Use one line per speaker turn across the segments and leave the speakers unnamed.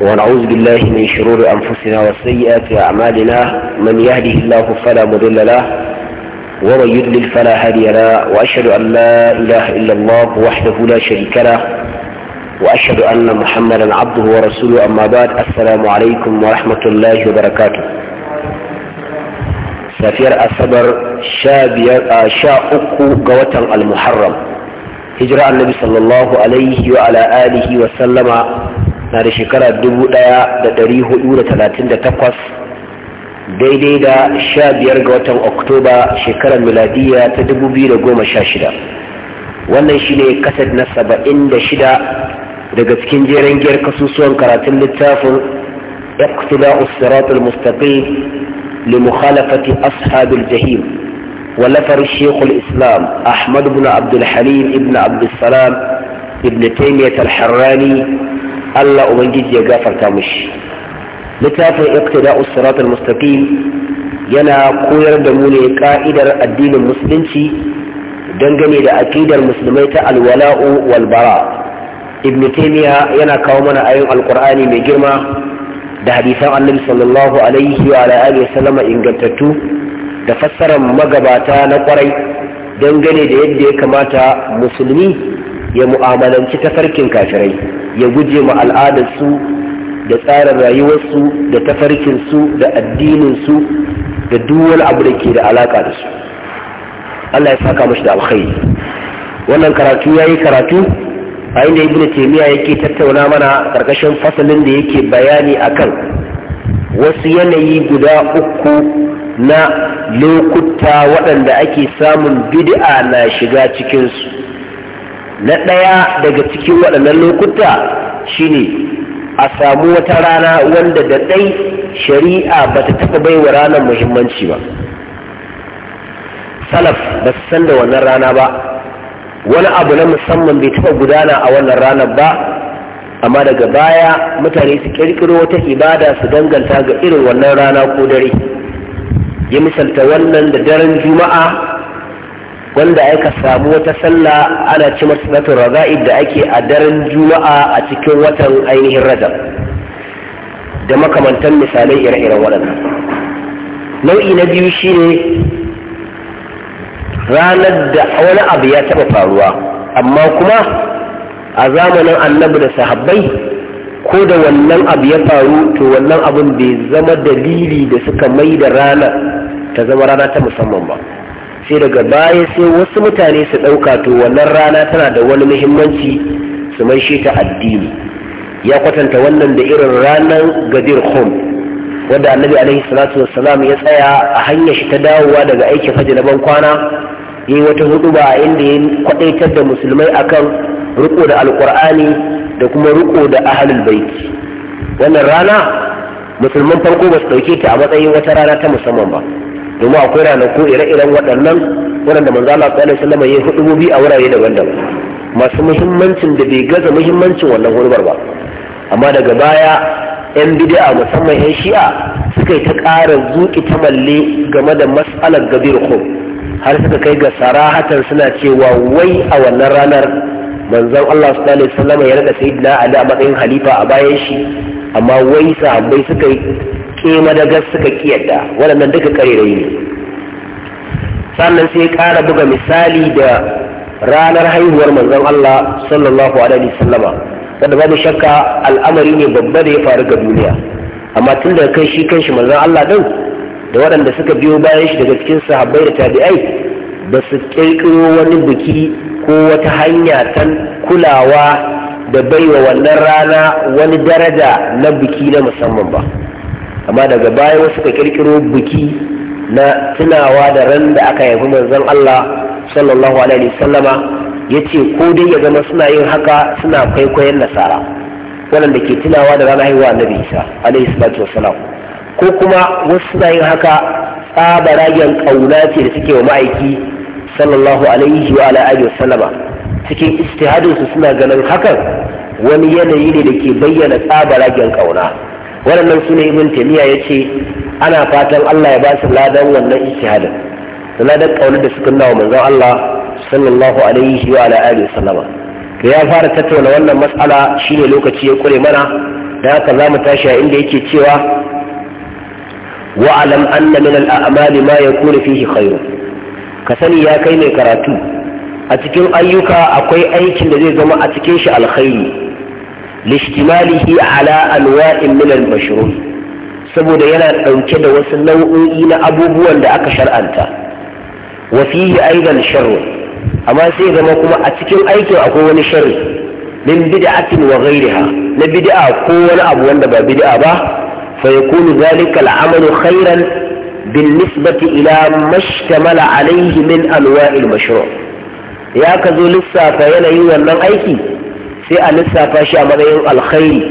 ونعوذ بالله من شرور أنفسنا وسيئات أعمالنا من يهده الله فلا مضل له ومن يضلل فلا هادي له وأشهد أن لا إله إلا الله وحده لا شريك له وأشهد أن محمدا عبده ورسوله أما بعد السلام عليكم ورحمة الله وبركاته سفير الصبر sha uku ga المحرم هجر النبي صلى الله عليه وعلى آله وسلم na da shekara 1438 daidai da 15 ga watan oktoba shekarar miladiya ta 2016 wannan shi ne kasar na 76 daga cikin jeren giyar kasusuwan karatun littafin siratul الصراط li mukhalafati ashabil الجحيم ولفر الشيخ الإسلام أحمد بن عبد الحليم ابن عبد السلام ابن تيمية الحراني Allah ubangiji ya gafarta mushi littafin iqtida'us siratal mustaqim yana koyar da mu ne ka'idar addinin musulunci dangane da aqidar musulmai ta alwala'u wal bara ibn taymiya yana kawo mana ayoyin alqur'ani mai girma da hadisan annabi sallallahu alaihi wa alihi ingantattu da fassarar magabata na kwarai dangane da yadda ya kamata musulmi ya mu'amalanci tafarkin kafirai ya guje ma al'adarsu da tsarin rayuwarsu da tafarkinsu da addininsu da duk abu da ke da alaka da su Allah ya saka mashi da alkhairi wannan karatu ya yi karatu a inda ibn taymiya yake tattauna mana karkashin fasalin da yake bayani akan wasu yanayi guda uku na lokuta waɗanda ake samun bid'a na shiga cikinsu na ɗaya daga cikin waɗannan lokuta shine a samu wata rana wanda da ɗai shari'a ba ta taɓa baiwa ranar muhimmanci ba salaf ba su san da wannan rana ba wani abu na musamman bai taɓa gudana a wannan ranar ba amma daga baya mutane su ƙirƙiro wata ibada su danganta ga irin wannan rana ko dare ya misalta wannan da daren juma'a wanda aka samu wata sallah ana ci masu raza'id da ake a daren juma'a a cikin watan ainihin rajab da makamantan misalai ire-iren waɗannan nau'i na biyu shine ranar da wani abu ya taɓa faruwa amma kuma a zamanin annabi da sahabbai ko da wannan abu ya faru to wannan abun bai zama dalili da suka mai da ranar ta zama rana ta musamman ba sai daga baya sai wasu mutane su ɗauka to wannan rana tana da wani muhimmanci su mai shi ta addini ya kwatanta wannan da irin ranar gadir khum wadda annabi alaihi salatu wassalam ya tsaya a hanyar shi ta dawowa daga aikin hajji na bankwana, kwana yayi wata huduba a inda ya kwadaitar da musulmai akan riko da alkur'ani da kuma riko da ahlul bait wannan rana musulman farko ba su dauke ta a matsayin wata rana ta musamman ba domin akwai ranaku ire-iren waɗannan waɗanda manzo Allah sallallahu alaihi wasallam ya bi a wurare daban-daban masu muhimmancin da bai gaza muhimmancin wannan hurbar ba amma daga baya yan bid'a musamman yan shi'a suka yi ta ƙara zuƙi ta malle game da mas'alar gabir khum har suka kai ga sarahatan suna cewa wai a wannan ranar manzon Allah sallallahu alaihi wasallam ya rada sayyidina Ali a matsayin Khalifa a bayan shi amma wai sahabbai suka yi ke madagas suka kiyarda waɗannan duka karerai ne sannan sai ƙara buga misali da ranar haihuwar manzon Allah sallallahu alaihi sallama wanda babu shakka al'amari ne babba da ya faru ga duniya amma tun daga kai shi kanshi manzon Allah din da waɗanda suka biyo bayan shi daga cikin sahabbai da tabi'ai ba su ƙirƙiro wani biki ko wata hanya ta kulawa da baiwa wannan rana wani daraja na biki na musamman ba amma daga baya wasu ka kirkiro biki na tunawa da ran da aka haifi manzon Allah sallallahu alaihi sallama ya ce ko dai ya zama suna yin haka suna kwaikwayon nasara waɗanda ke tunawa da ranar haihuwa annabi isa alaihi salatu wassalam ko kuma wasu suna yin haka tsaba ragen ƙauna ce da suke wa ma'aiki sallallahu alaihi wa alihi wasallama sallama cikin istihadinsu suna ganin hakan wani yanayi ne da ke bayyana tsaba ragen ƙauna waɗannan su ne ibn taymiya ya ce ana fatan Allah ya ba su ladan wannan ijtihadin da ladan kaunar da suka nawa manzon Allah sallallahu alaihi wa ala alihi ya fara tattauna wannan mas'ala shine lokaci ya kure mana da haka za mu tashi a inda yake cewa wa'alam anna min al'amali ma yakunu fihi khairu ka sani ya kai mai karatu a cikin ayyuka akwai aikin da zai zama a cikin shi alkhairi lishtimalihi ala anwa'in min al-mashru' saboda yana dauke da wasu nau'o'i na abubuwan da aka shar'anta wasihi aidan sharr amma sai zama kuma a cikin aikin akwai wani sharri min bid'atin wa ghayriha na bid'a ko wani abu wanda ba bid'a ba fa yakunu Amadu al-amalu khayran بالنسبة إلى ما اشتمل عليه من أنواع المشروع ya ka zo lissafa yanayin wannan aiki sai a lissafa shi a matsayin alkhairi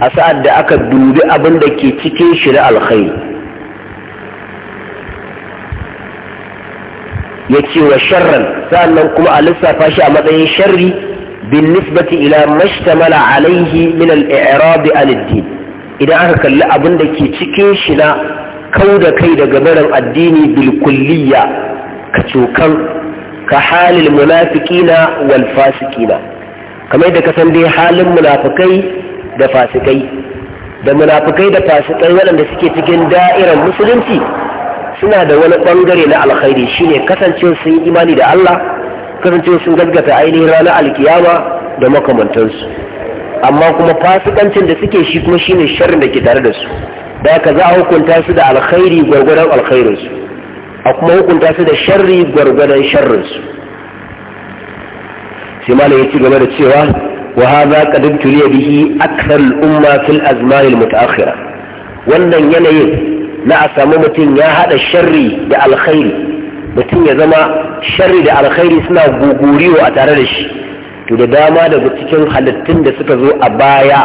a sa'ad da aka dubi abin da ke cikin shi na alkhairi ya ce wa sharran sa'annan kuma a lissafa shi a matsayin sharri bin nisbati ila mashtamala alaihi min al-i'rab din idan aka kalli abin da ke cikin shi na kau da kai daga barin addini bil kulliya ka cokan ka halil munafiqina wal fasiqina kamar da kasan dai halin munafukai da fasikai da munafukai da fasikai waɗanda suke cikin da'irar musulunci suna da wani ɓangare na alkhairi shine kasancewa sun yi imani da Allah kasancewa sun gaskata ainihin ranar alkiyama da makamantansu amma kuma fasikancin da suke shi kuma shine sharrin da ke tare da su da haka za a hukunta su da alkhairi gwargwadon alkhairinsu a kuma hukunta su da sharri gwargwadon sharrinsu sai malam ya ci gaba da cewa wa hadha qad ibtuliya bihi akthar al-umma fil azman al-mutaakhira wannan yanayin na a samu mutum ya hada sharri da alkhairi mutum ya zama sharri da alkhairi suna guguriwa a tare da shi to da dama daga cikin halittun da suka zo a baya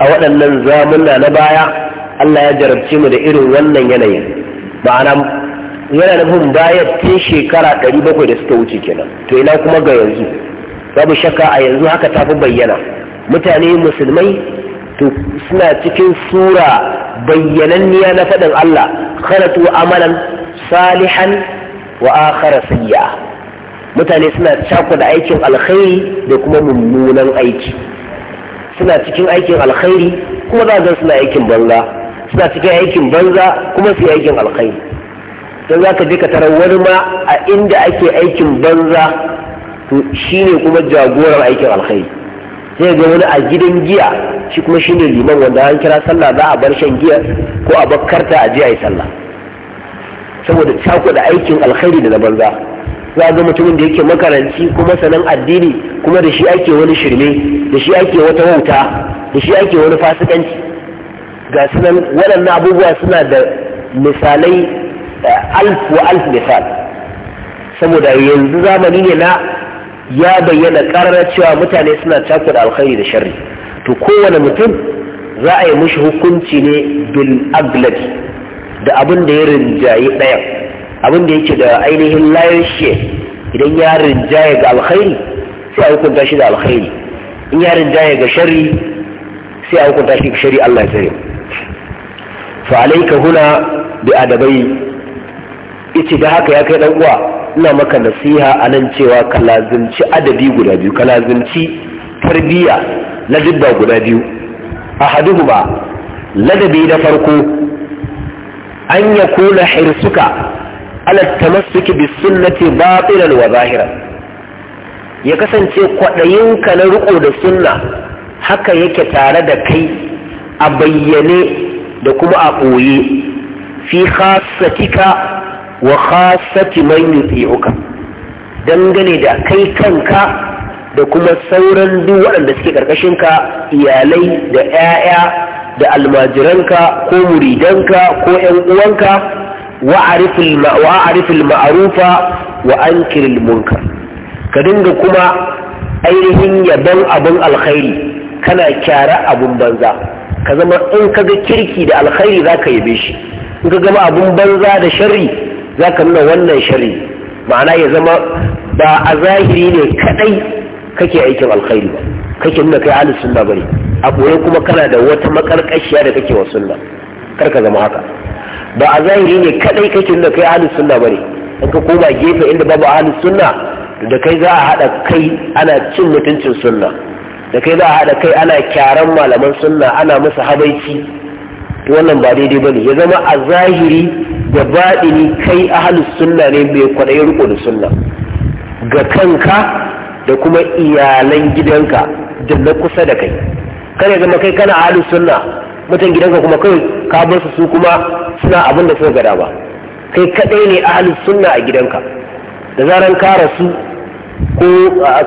a waɗannan zamuna na baya Allah ya jarabce mu da irin wannan yanayin ma'ana yana nufin bayan tun shekara 700 da suka wuce kenan to ina kuma ga yanzu babu shakka a yanzu haka ta fi bayyana mutane musulmai suna cikin sura bayyananniya na faɗin Allah kharatu amalan salihan wa akhara siya mutane suna cakuda aikin alkhairi da kuma mummunan aiki suna cikin aikin alkhairi kuma za zan suna aikin banza suna cikin aikin banza kuma su aikin alkhairi don za ka je ka tarar wani ma a inda ake aikin banza to shi ne kuma jagorar aikin alkhairi sai ga wani a gidan giya shi kuma shi ne liman wanda an kira sallah za a bar shan giya ko a bakkarta a je a sallah saboda cakuɗa aikin alkhairi da na banza za ga mutumin da yake makaranci kuma sanan addini kuma da shi ake wani shirme da shi ake wata wauta da shi ake wani fasikanci ga sanan waɗannan abubuwa suna da misalai eh, alf wa alf misal saboda yanzu zamani ne na ya bayyana karar cewa mutane suna cakuɗa alkhairi da sharri to kowane mutum za a yi mishi hukunci ne bil aglad da abin da ya rinjaye ɗayan abin da yake da ainihin layan shi idan ya rinjaye ga alkhairi sai a hukunta shi da alkhairi in ya rinjaye ga sharri sai a hukunta shi ga sharri Allah ya tsare fa alayka huna bi adabai ita da haka ya kai dan uwa ina maka nasiha a nan cewa ka lazimci adadi guda biyu ka lazimci tarbiyya ladabba guda biyu a ba, ladabi na farko an ya kula hirsuka alatta tamassuki bis sunnati batilan wa zahiran ya kasance kwaɗayinka na riko da sunna haka yake tare da kai a bayyane da kuma a ɓoye fi khasatika wa khasati man yuti'uka dangane da kai kanka da kuma sauran duk waɗanda suke ka, iyalai da 'ya'ya da almajiranka ko muridanka ko 'yan uwanka wa'arifil ma'arufa wa ankiril munkar ka dinga kuma ainihin yabon abin alkhairi kana kyara abin banza ka zama in ka ga kirki da alkhairi za ka yabe shi in ka gama abin banza da sharri za ka nuna wannan shari ma'ana ya zama ba a zahiri ne kadai kake aikin alkhairi ba kake nuna kai ahlus sunna bane a boye kuma kana da wata makarkashiya da kake wa sunna kar ka zama haka ba a zahiri ne kadai kake nuna kai ahlus sunna bane in ka koma gefe inda babu ahlus sunna da kai za a hada kai ana cin mutuncin sunna da kai za a hada kai ana kyaran malaman sunna ana musu habaici wannan ba daidai bane ya zama a zahiri da baɗini kai ahalus sunna ne mai kwaɗayi riko da sunna ga kanka da kuma iyalan gidanka da na kusa da kai kare zama kai kana ahalus sunna mutan gidanka kuma kai ka bar su su kuma suna abin da suka gada ba kai kaɗai ne ahalus sunna a gidanka da zaran ka rasu ko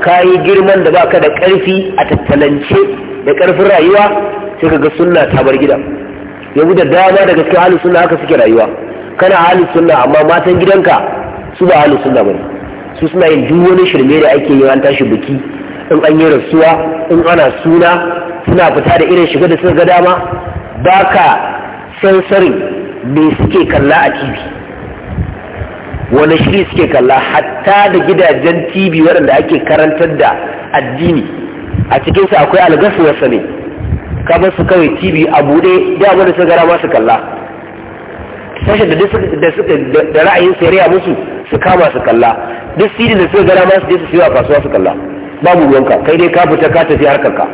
ka yi girman da baka da ƙarfi a tattalance da ƙarfin rayuwa sai ka ga sunna ta bar gida yanzu da dama daga cikin halin suna haka suke rayuwa kana ahli sunna amma matan gidanka su ba ahli sunna bane su suna yin duk wani shirme da ake yi an tashi biki in an yi rasuwa in ana suna suna fita da irin shiga da suka ga dama ba ka sansarin me suke kalla a tv wani shiri suke kalla hatta da gidajen tv waɗanda ake karantar da addini a cikinsu akwai algasuwarsa ne ka su kawai tv a buɗe da wani suka gara masu kalla sashen da da ra'ayin su ya musu su kama su kalla duk sidi da suka gara masu je su siyo a kasuwa su kalla babu ruwanka kai dai ka fita ka tafi harkar ka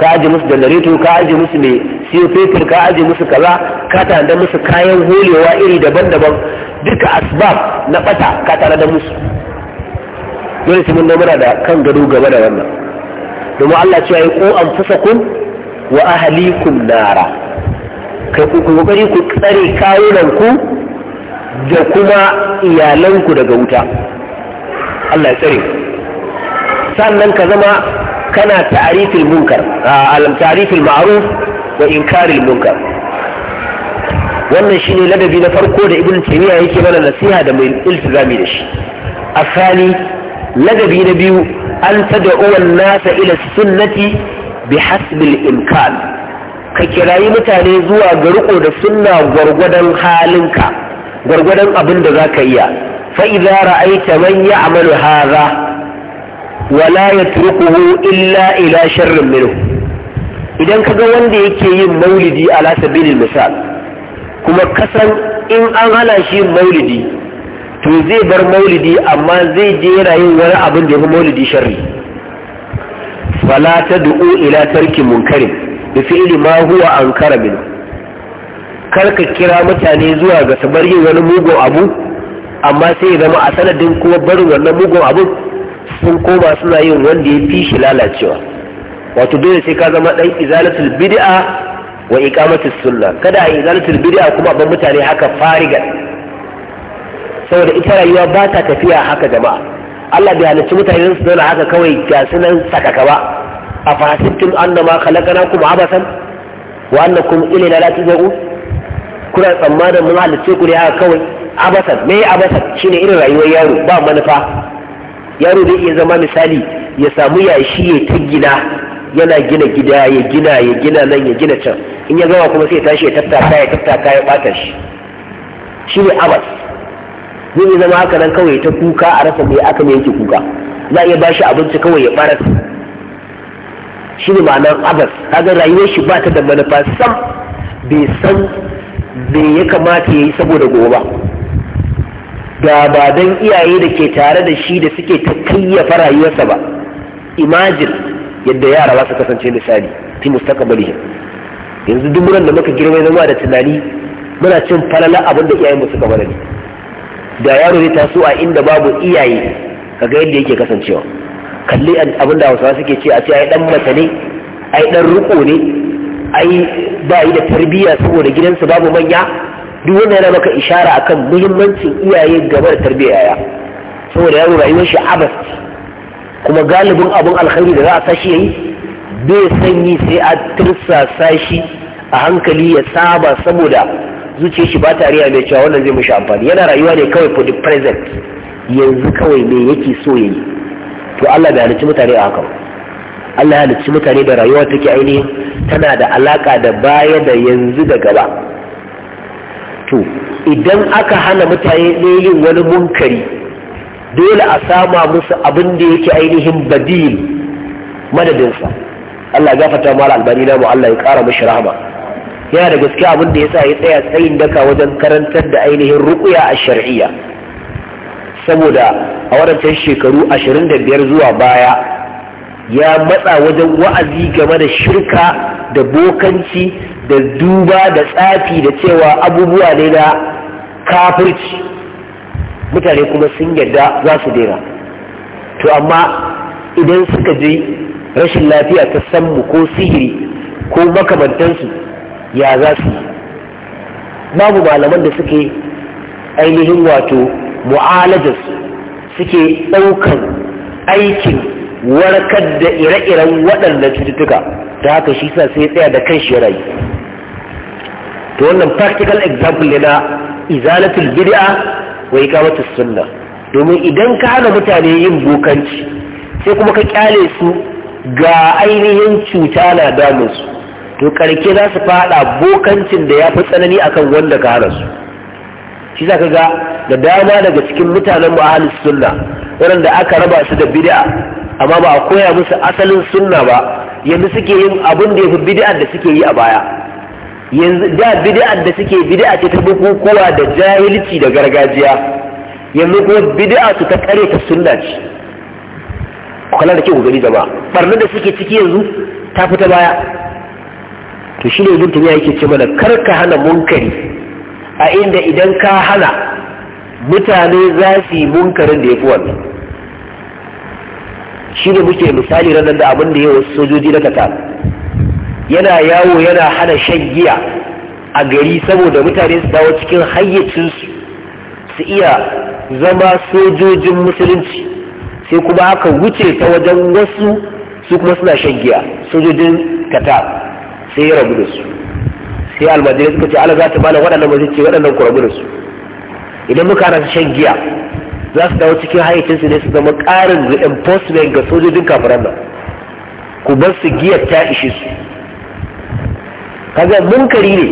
ka aje musu janareto ka aje musu mai siyo fetur ka aje musu kaza ka tanada musu kayan holewa iri daban-daban duka asbab na bata ka da musu dole sai mun muna da kan gado gaba da wannan domin Allah cewa ya ko an kun wa ahalikum nara kai ku kokari ku tsare kayunanku da kuma iyalanku daga wuta Allah ya tsare sannan ka zama kana ta'arifil munkar alam ta'arifil ma'ruf wa inkaril munkar wannan shine ladabi na farko da ibn taymiya yake mana nasiha da mai iltizami da shi asali ladabi na biyu an tad'u an-nasa ila sunnati hasbil imkan ka kirayi mutane zuwa ga riko da sunna gwargwadon halinka gwargwadon abin da za ka iya fa'iza ra'aita man ya amalu haza wala ya turkuhu illa ila sharrin minu. idan ka ga wanda yake yin maulidi a lasabinin misal kuma kasan in an hana shi maulidi to zai bar maulidi amma zai je yana yin wani abin da ya fi maulidi sharri fala ta du'u ila tarki munkarin da ma huwa an kara min kar ka kira mutane zuwa ga sabar yin wani mugun abu amma sai ya zama a sanadin kuma barin wannan mugun abu sun koma suna yin wanda ya fi shi lalacewa wato dole sai ka zama dan izalatul bid'a wa iqamatus sunna kada a izalatul bid'a kuma ban mutane haka fariga saboda ita rayuwa ba ta tafiya haka jama'a Allah bai halicci mutane su zauna haka kawai ga sunan sakaka ba أفحسبتم أنما Abasan, عبثا وأنكم إلينا لا ترجعون kuna tsammanin mun halitce ku ne haka kawai abasan me abasan shine irin rayuwar yaro ba manufa yaro zai iya zama misali ya samu yashi ya ta gina yana gina gida ya gina ya gina nan ya gina can in ya gama kuma sai ya tashi ya tattaka ya tattaka ya bata shi Shi ne abas zai iya zama haka nan kawai ta kuka a rasa me aka mai yake kuka za a iya bashi abinci kawai ya baras shi ne ma'anar abas kaga rayuwar shi ba ta da manufa sam bai san me ya kamata ya yi saboda gobe ba ga ba don iyaye da ke tare da shi da suke ta kayyafa rayuwarsa ba imajin yadda yara ba su kasance misali fi mustaqbalihim yanzu duk da muka girma zama da tunani muna cin falala abin da iyayen mu suka ne da yaro zai taso a inda babu iyaye kaga yadda yake kasancewa kalli abin da hausawa suke ce a ce ai dan mata ne ai dan riko ne ai ba yi da tarbiyya saboda gidansu babu manya duk wanda yana maka ishara akan muhimmancin iyaye gaba da tarbiyya ya saboda yaro rayuwar shi abas kuma galibin abin alkhairi da za a sashi yayi bai sanyi sai a tursa sashi a hankali ya saba saboda zuciyar shi ba a mai cewa wannan zai mishi amfani yana rayuwa ne kawai for the present yanzu kawai me yake so yayi to Allah bai halicci mutane a haka ba Allah ya halicci mutane da rayuwa take ainihin tana da alaka da baya da yanzu da gaba to idan aka hana mutane ne yin wani munkari dole a sama musu abin da yake ainihin badil madadinsa Allah ya gafarta mara albani na mu Allah ya kara mishi rahama yana da gaskiya abin da yasa ya tsaya tsayin daka wajen karantar da ainihin ruqya a shar'iyya saboda a wadancan shekaru ashirin da biyar zuwa baya ya matsa wajen wa'azi game da shirka da bokanci da duba da tsafi da cewa abubuwa ne na kafirci mutane kuma sun yadda za su daina to amma idan suka je rashin lafiya ta sammu ko sihiri ko makamantansu ya za su yi babu malaman da suke ainihin wato mu'alajarsu suke ɗaukan aikin warkar da ire-iren waɗannan cututtuka ta haka shi sa sai tsaya da kan shi rayu to wannan practical example ne na izalatul bid'a wa iqamatus sunna domin idan ka hana mutane yin bokanci sai kuma ka kyale su ga ainihin cuta na damun su to karke za su fada bokancin da ya fi tsanani akan wanda ka hana su shi za ka ga da dama daga cikin mutanen mu ahalus sunna waɗanda aka raba su da bid'a amma ba a koya musu asalin sunna ba yanzu suke yin abin da yafi bid'ar da suke yi a baya yanzu da bid'ar da suke bid'a ce ta bukukuwa da jahilci da gargajiya yanzu kuma bid'a su ta kare ta sunna ce kula da kyau gani zama. barnar da suke ciki yanzu ta fita baya to shine ibn tumiya yake ce mana karka hana munkari a inda idan ka hana mutane za su yi munkarin da ya fi wannan shi ne muke misali ranar da abin da ya wasu sojoji na katal yana yawo yana hana shan giya a gari saboda mutane su dawo cikin hayyacinsu su iya zama sojojin musulunci sai kuma aka wuce ta wajen wasu su kuma suna shan giya sojojin katal sai ya rabu da su sai almajirai suka ce ala za ta bala waɗannan ba ce waɗannan kurabunan su idan muka hana shan giya za su dawo cikin hayyacinsu ne su zama ƙarin reinforcement ga sojojin kafiran nan ku bar su giyar ta ishe su kaga munkari ne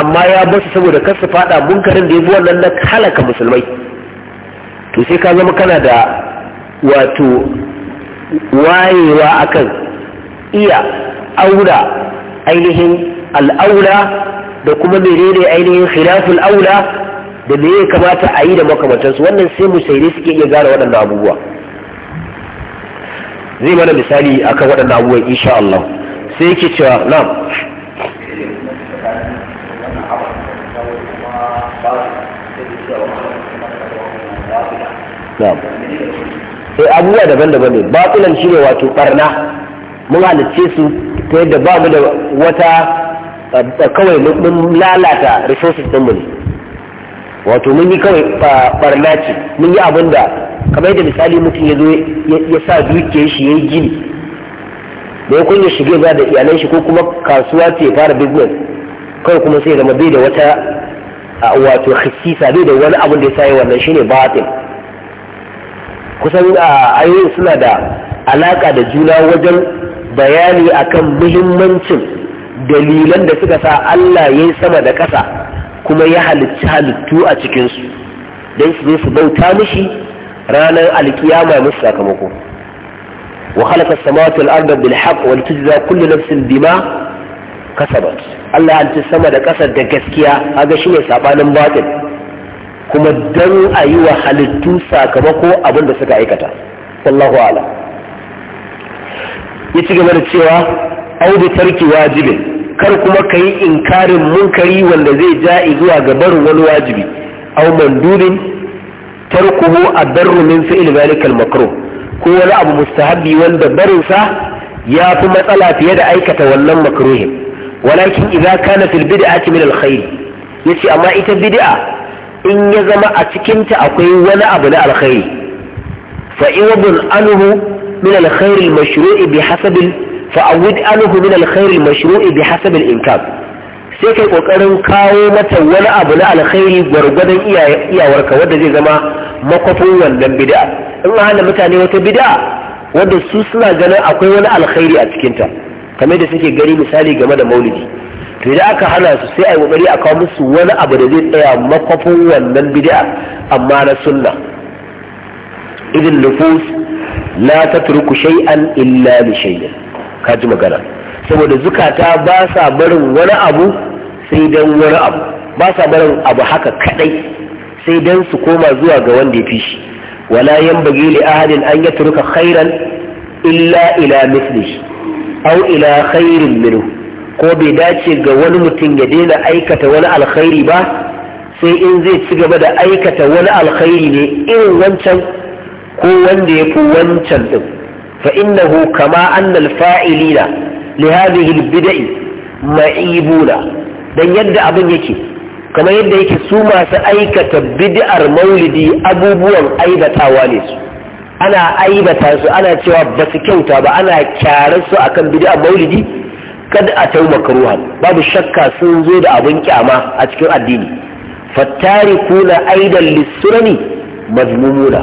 amma ya basu saboda kar su fada munkarin da ya fi wannan na halaka musulmai to sai ka zama kana da wato wayewa akan iya aura ainihin al'aula da kuma menene ainihin khilaful aula da me ya kamata a yi da makamantansu wannan sai musairi suke iya gane waɗannan abubuwa zai mana misali akan waɗannan abubuwan insha Allah sai yake cewa na'am
sai
eh, abubuwa daban-daban ne shi ne wato barna mun halicce su ta yadda ba mu da wata kawai mun lalata resources mu ne wato mun yi kawai barna ce mun yi abin da kamar yadda misali mutum ya zo ya sa dukiyar shi ya yi gini da ya kunya shige za da iyalan shi ko kuma kasuwa ce fara business kawai kuma sai zama bai da wata wato hasisa, bai da wani abin da ya sayi wannan shine batin kusan ayoyin suna da alaka da juna wajen bayani akan muhimmancin dalilan da suka sa Allah ya yi sama da ƙasa kuma ya halicci halittu a cikinsu don su zo su bauta mishi ranar alkiyama musu sakamako wa khalaqa samawati wal arda bil haqq wal tujza kullu nafsin bima kasabat Allah halitta sama da ƙasa da gaskiya kaga shine sabanin batil kuma dan a yi wa halittu sakamako abinda suka aikata wallahu ala. ya ci gaba da cewa au bi tarki wajibin kar kuma ka yi inkarin munkari wanda zai ja zuwa ga barin wani wajibi aw mandubin tarkuhu adarru min fi'l zalika al-makruh ko wani abu mustahabbi wanda barin sa ya fi matsala fiye da aikata wannan makruhin walakin idza kana fil bid'ati min al-khair yace amma ita bid'a in ya zama a cikin ta akwai wani abu na alkhairi fa iwadun anhu min al-khair al-mashru'i bi hasabil fa'awid anhu min alkhairi mashru'i bi hasab al-imkan sai kai kokarin kawo mata wani abu na alkhairi gwargwadon iyawarka wanda zai zama makwafin wannan bid'a in hana mutane wata bid'a wanda su suna ganin akwai wani alkhairi a cikinta kamar da suke gani misali game da maulidi to idan aka hana su sai a yi kokari a kawo musu wani abu da zai tsaya makwafin wannan bid'a amma na sunna idin nufus la tatruku shay'an illa li shay'in ka ji magana saboda zukata ba sa barin wani abu sai dan wani abu ba sa barin abu haka kadai sai dan su koma zuwa ga wanda ya fi shi wala 'yan yanbaghi li ahadin an yatruka khairan illa ila mithlihi aw ila khairin minhu ko bai dace ga wani mutum ya daina aikata wani alkhairi ba sai in zai ci gaba da aikata wani alkhairi ne irin wancan ko wanda ya fi wancan din فإنه كما أن الفاعلين لهذه البدع معيبون dan yadda abin yake kamar yadda yake su masu aikata bid'ar maulidi abubuwan aibatawa ne su ana aibata su ana cewa ba su kyauta ba ana kyarar su akan bid'ar maulidi kada a tauma karuhan babu shakka sun zo da abin kyama a cikin addini fattari kuna aidan lissurani mazmumuna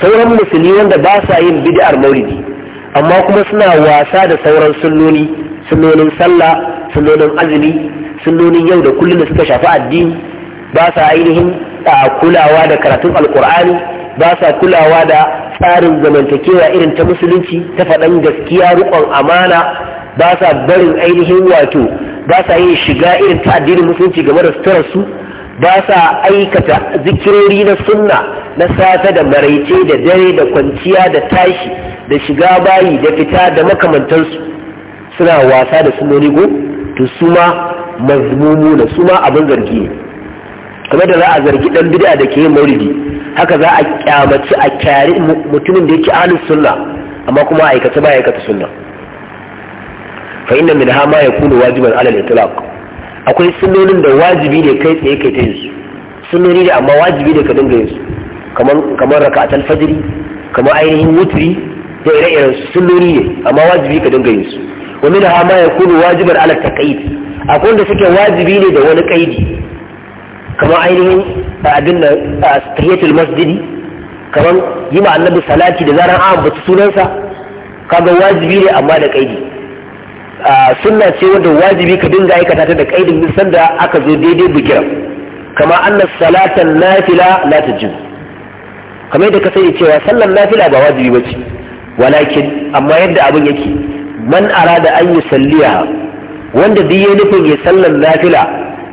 sauran musulmi wanda ba sa yin bid'ar maulidi amma kuma suna wasa da sauran sunnoni sunnonin sallah sunnonin azumi sunnonin yau da kullum da suka shafi addini ba sa ainihin kulawa da karatun alkur'ani ba sa kulawa da tsarin zamantakewa irin ta musulunci ta faɗan gaskiya riƙon amana ba sa barin ainihin wato ba sa yin shiga irin ta addinin musulunci game da suturarsu ba sa aikata zikirori na sunna na safe da maraice da dare da kwanciya da tashi da shiga bayi da fita da makamantarsu suna wasa da sunoni go to su ma mazmumu da su ma abin zargi ne kamar da za a zargi dan bid'a da ke yin maulidi haka za a kyamaci a kyari mutumin da yake ahlus sunna amma kuma aikata ba aikata sunna fa inna min ha ma yakunu wajiban alal itlaq akwai sunnolin da wajibi ne kai tsaye kai ta yin su sunnoni ne amma wajibi ne ka dinga yin su kamar raka'atul fajri kamar ainihin wutri da ire-iren sunoni ne amma wajibi ka dinga yin su wa min ha ma yakunu wajiban ala kaidi akwai wanda suke wajibi ne da wani kaidi kamar ainihin abin da tahiyatul masjidi kamar yi ma annabi salati da zaran an bata sunansa kaga wajibi ne amma da kaidi sunna ce wanda wajibi ka dinga aikata ta da kaidin sanda aka zo daidai bugira kama annas salatan nafila la tajib kamar yadda ka sani cewa sallan nafila ba wajibi ba ce walakin amma yadda abin yake man arada an yi salliya wanda duk ya nufin ya sallan nafila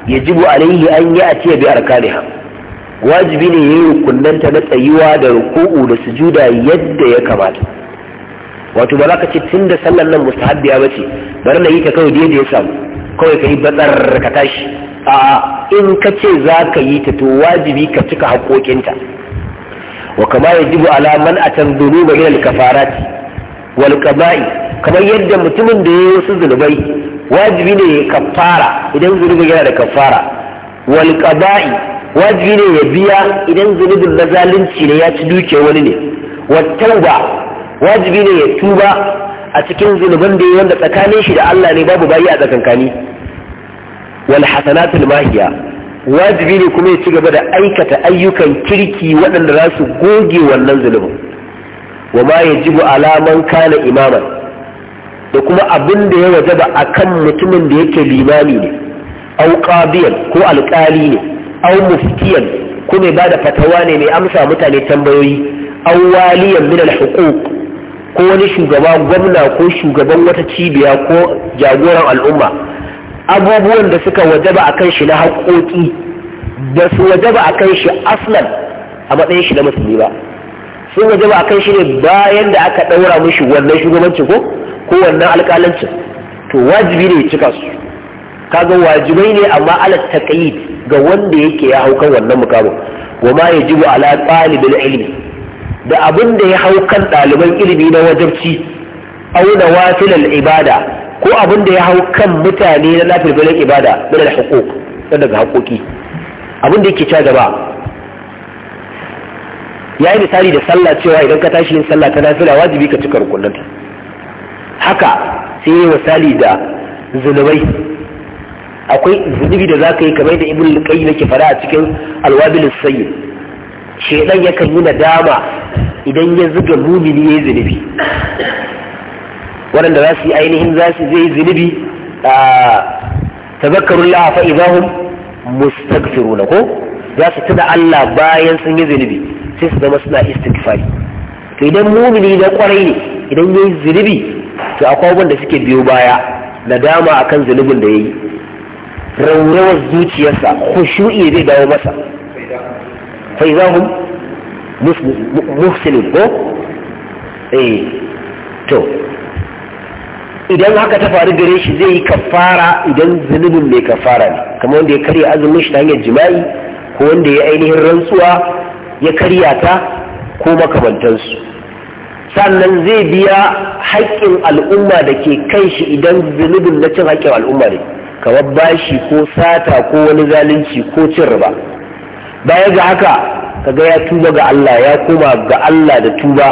ya jibu alaihi an yi a tiya bi arkaniha wajibi ne ya yi rukunanta na tsayuwa da ruku'u da sujuda yadda ya kamata wato ba za ka ce tun da sallar nan mustahabbiya ba ce bari na yi ta kawai da ya samu kawai ka yi batsar ka tashi a in ka ce za ka yi ta to wajibi ka cika haƙoƙinta wa kama ya jibu alaman a can zunu ba ilal wal kaba'i kamar yadda mutumin da ya yi wasu zunubai wajibi ne ya kafara idan zunubin yana da kafara wal kaba'i wajibi ne ya biya idan zunubin na zalunci ne ya ci dukiyar wani ne wa tauba wajibi ne ya tuba a cikin zunuban da wanda tsakanin shi da Allah ne babu bayi a tsakankani wal hasanatul mahiya wajibi ne kuma ya ci gaba da aikata ayyukan kirki waɗanda za su goge wannan zunubin wa ma yajibu alaman kana imaman da kuma abin da ya a kan mutumin da yake limami ne au qadiyan ko alƙali ne au muftiyan ko mai bada fatawa ne mai amsa mutane tambayoyi au waliyan min al ko wani shugaba gwamna ko shugaban wata cibiya ko jagoran al'umma abubuwan da suka wajaba a kan shi na haƙoƙi da su wajaba a kan shi aslan a matsayin shi na musulmi ba sun wajaba a kan shi ne bayan da aka ɗaura mishi wannan shugabancin ko ko wannan alƙalancin to wajibi ne cika su kaga wajibai ne amma ala taqyid ga wanda yake ya haukan wannan mukamin wa ma yajibu ala talibul ilmi da abin da ya hau kan ɗaliban ilimi na wajabci auna wafilar ibada ko abin da ya hau kan mutane na lafirfilar ibada min da haƙo daga haƙoƙi abin da yake ca gaba ya yi misali da sallah cewa idan ka tashi yin sallah ta nafila wajibi ka cika rukunanta haka sai yi misali da zunubai akwai zunubi da za ka yi kamar da ibn al na yake fara a cikin alwabilin sayyid shedan yakan yi nadama idan ya zuga mumini ya yi zunubi waɗanda za su yi ainihin za su zai zunubi a tabakarun la'afa izahun mustakfiru na ko za su tuna Allah bayan sun yi zunubi sai su zama suna istighfari to idan mumini na kwarai ne idan ya yi zunubi to akwai wanda suke biyo baya na nadama kan zunubin da ya yi raurawar zuciyarsa khushu'i zai dawo masa fa'izahun muslim ko eh to idan haka ta faru gare shi zai yi kafara idan zunubin mai kafara ne kamar wanda ya karya azumin shi ta hanyar jima'i ko wanda ya ainihin rantsuwa
ya karya ta
ko makamantansu sannan zai biya haƙƙin al'umma da ke kan shi idan zunubin na cin haƙƙin al'umma ne kamar bashi ko sata ko wani zalunci ko cin riba baya ga haka kaga ya tuba ga Allah ya koma ga Allah da tuba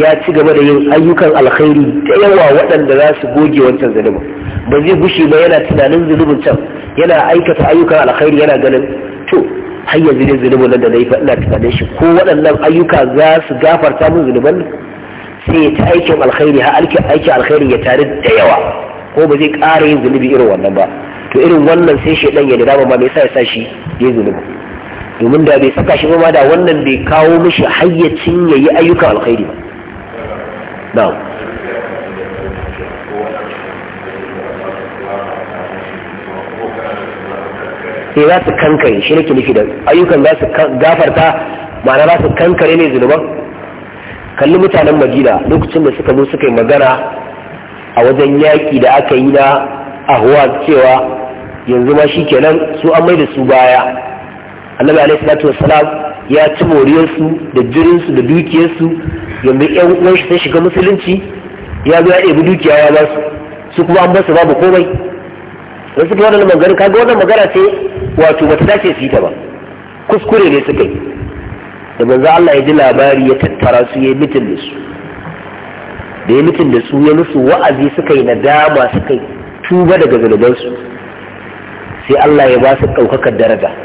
ya ci gaba da yin ayyukan alkhairi ta yawa waɗanda za su goge wancan zunubin ba zai gushe ba yana tunanin zunubin can yana aikata ayyukan alkhairi yana ganin to har yanzu ne zunubin nan da na yi ina tunanin shi ko waɗannan ayyuka za su gafarta min zunuban sai ta aikin alkhairi har aikin alkhairi ya tare da yawa ko ba zai ƙara yin zunubi irin wannan ba to irin wannan sai shaidan ya dama ma me yasa ya sa shi ya zunubi domin da bai saka shi ba da wannan bai kawo mishi hayyacin ya yi ayyukan alkhairi ba sai eh, za su kankare shi ne kilifi da ayyukan za su gafarta ma'ana za su kankare ne zunuban kalli mutanen madina lokacin da suka zo suka yi magana a wajen yaƙi da aka yi na ahuwa cewa yanzu ma shi kenan su an mai da su baya annabi alaihi salatu wassalam ya ci moriyarsu da jirinsu da su yanzu yan uwan shi shiga musulunci ya zo ya ɗebi dukiya ya ba su su kuma an basu babu komai da suke wannan magana kaga wannan magana ce wato bata dace su yi ta ba kuskure ne suka yi da manzo Allah ya ji labari ya tattara su ya mitin da su da ya mitin da su ya musu wa'azi suka yi nadama suka yi tuba daga zalubansu sai Allah ya ba su ɗaukakar daraja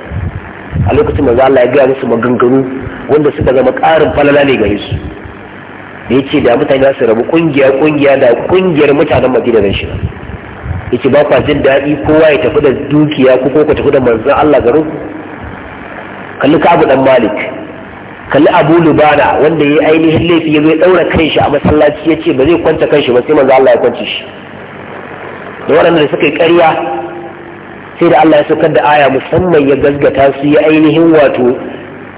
a lokacin maza Allah ya gaya musu maganganu wanda suka zama ƙarin falala ne gare su da yace da mutane za su rabu kungiya kungiya da kungiyar mutanen Madina zan shi yake ba kwa jin daɗi kowa ya tafi da dukiya ko ko ka tafi da manzo Allah garin kalli ka Abu dan Malik kalli Abu Lubana wanda yayi ainihin laifi ya zo ya daura kanshi a masallaci ya ce ba zai kwanta kanshi ba sai manzo Allah ya kwance shi da waɗanda suka yi ƙarya sai da Allah ya saukar da aya musamman ya gazgata su ya ainihin wato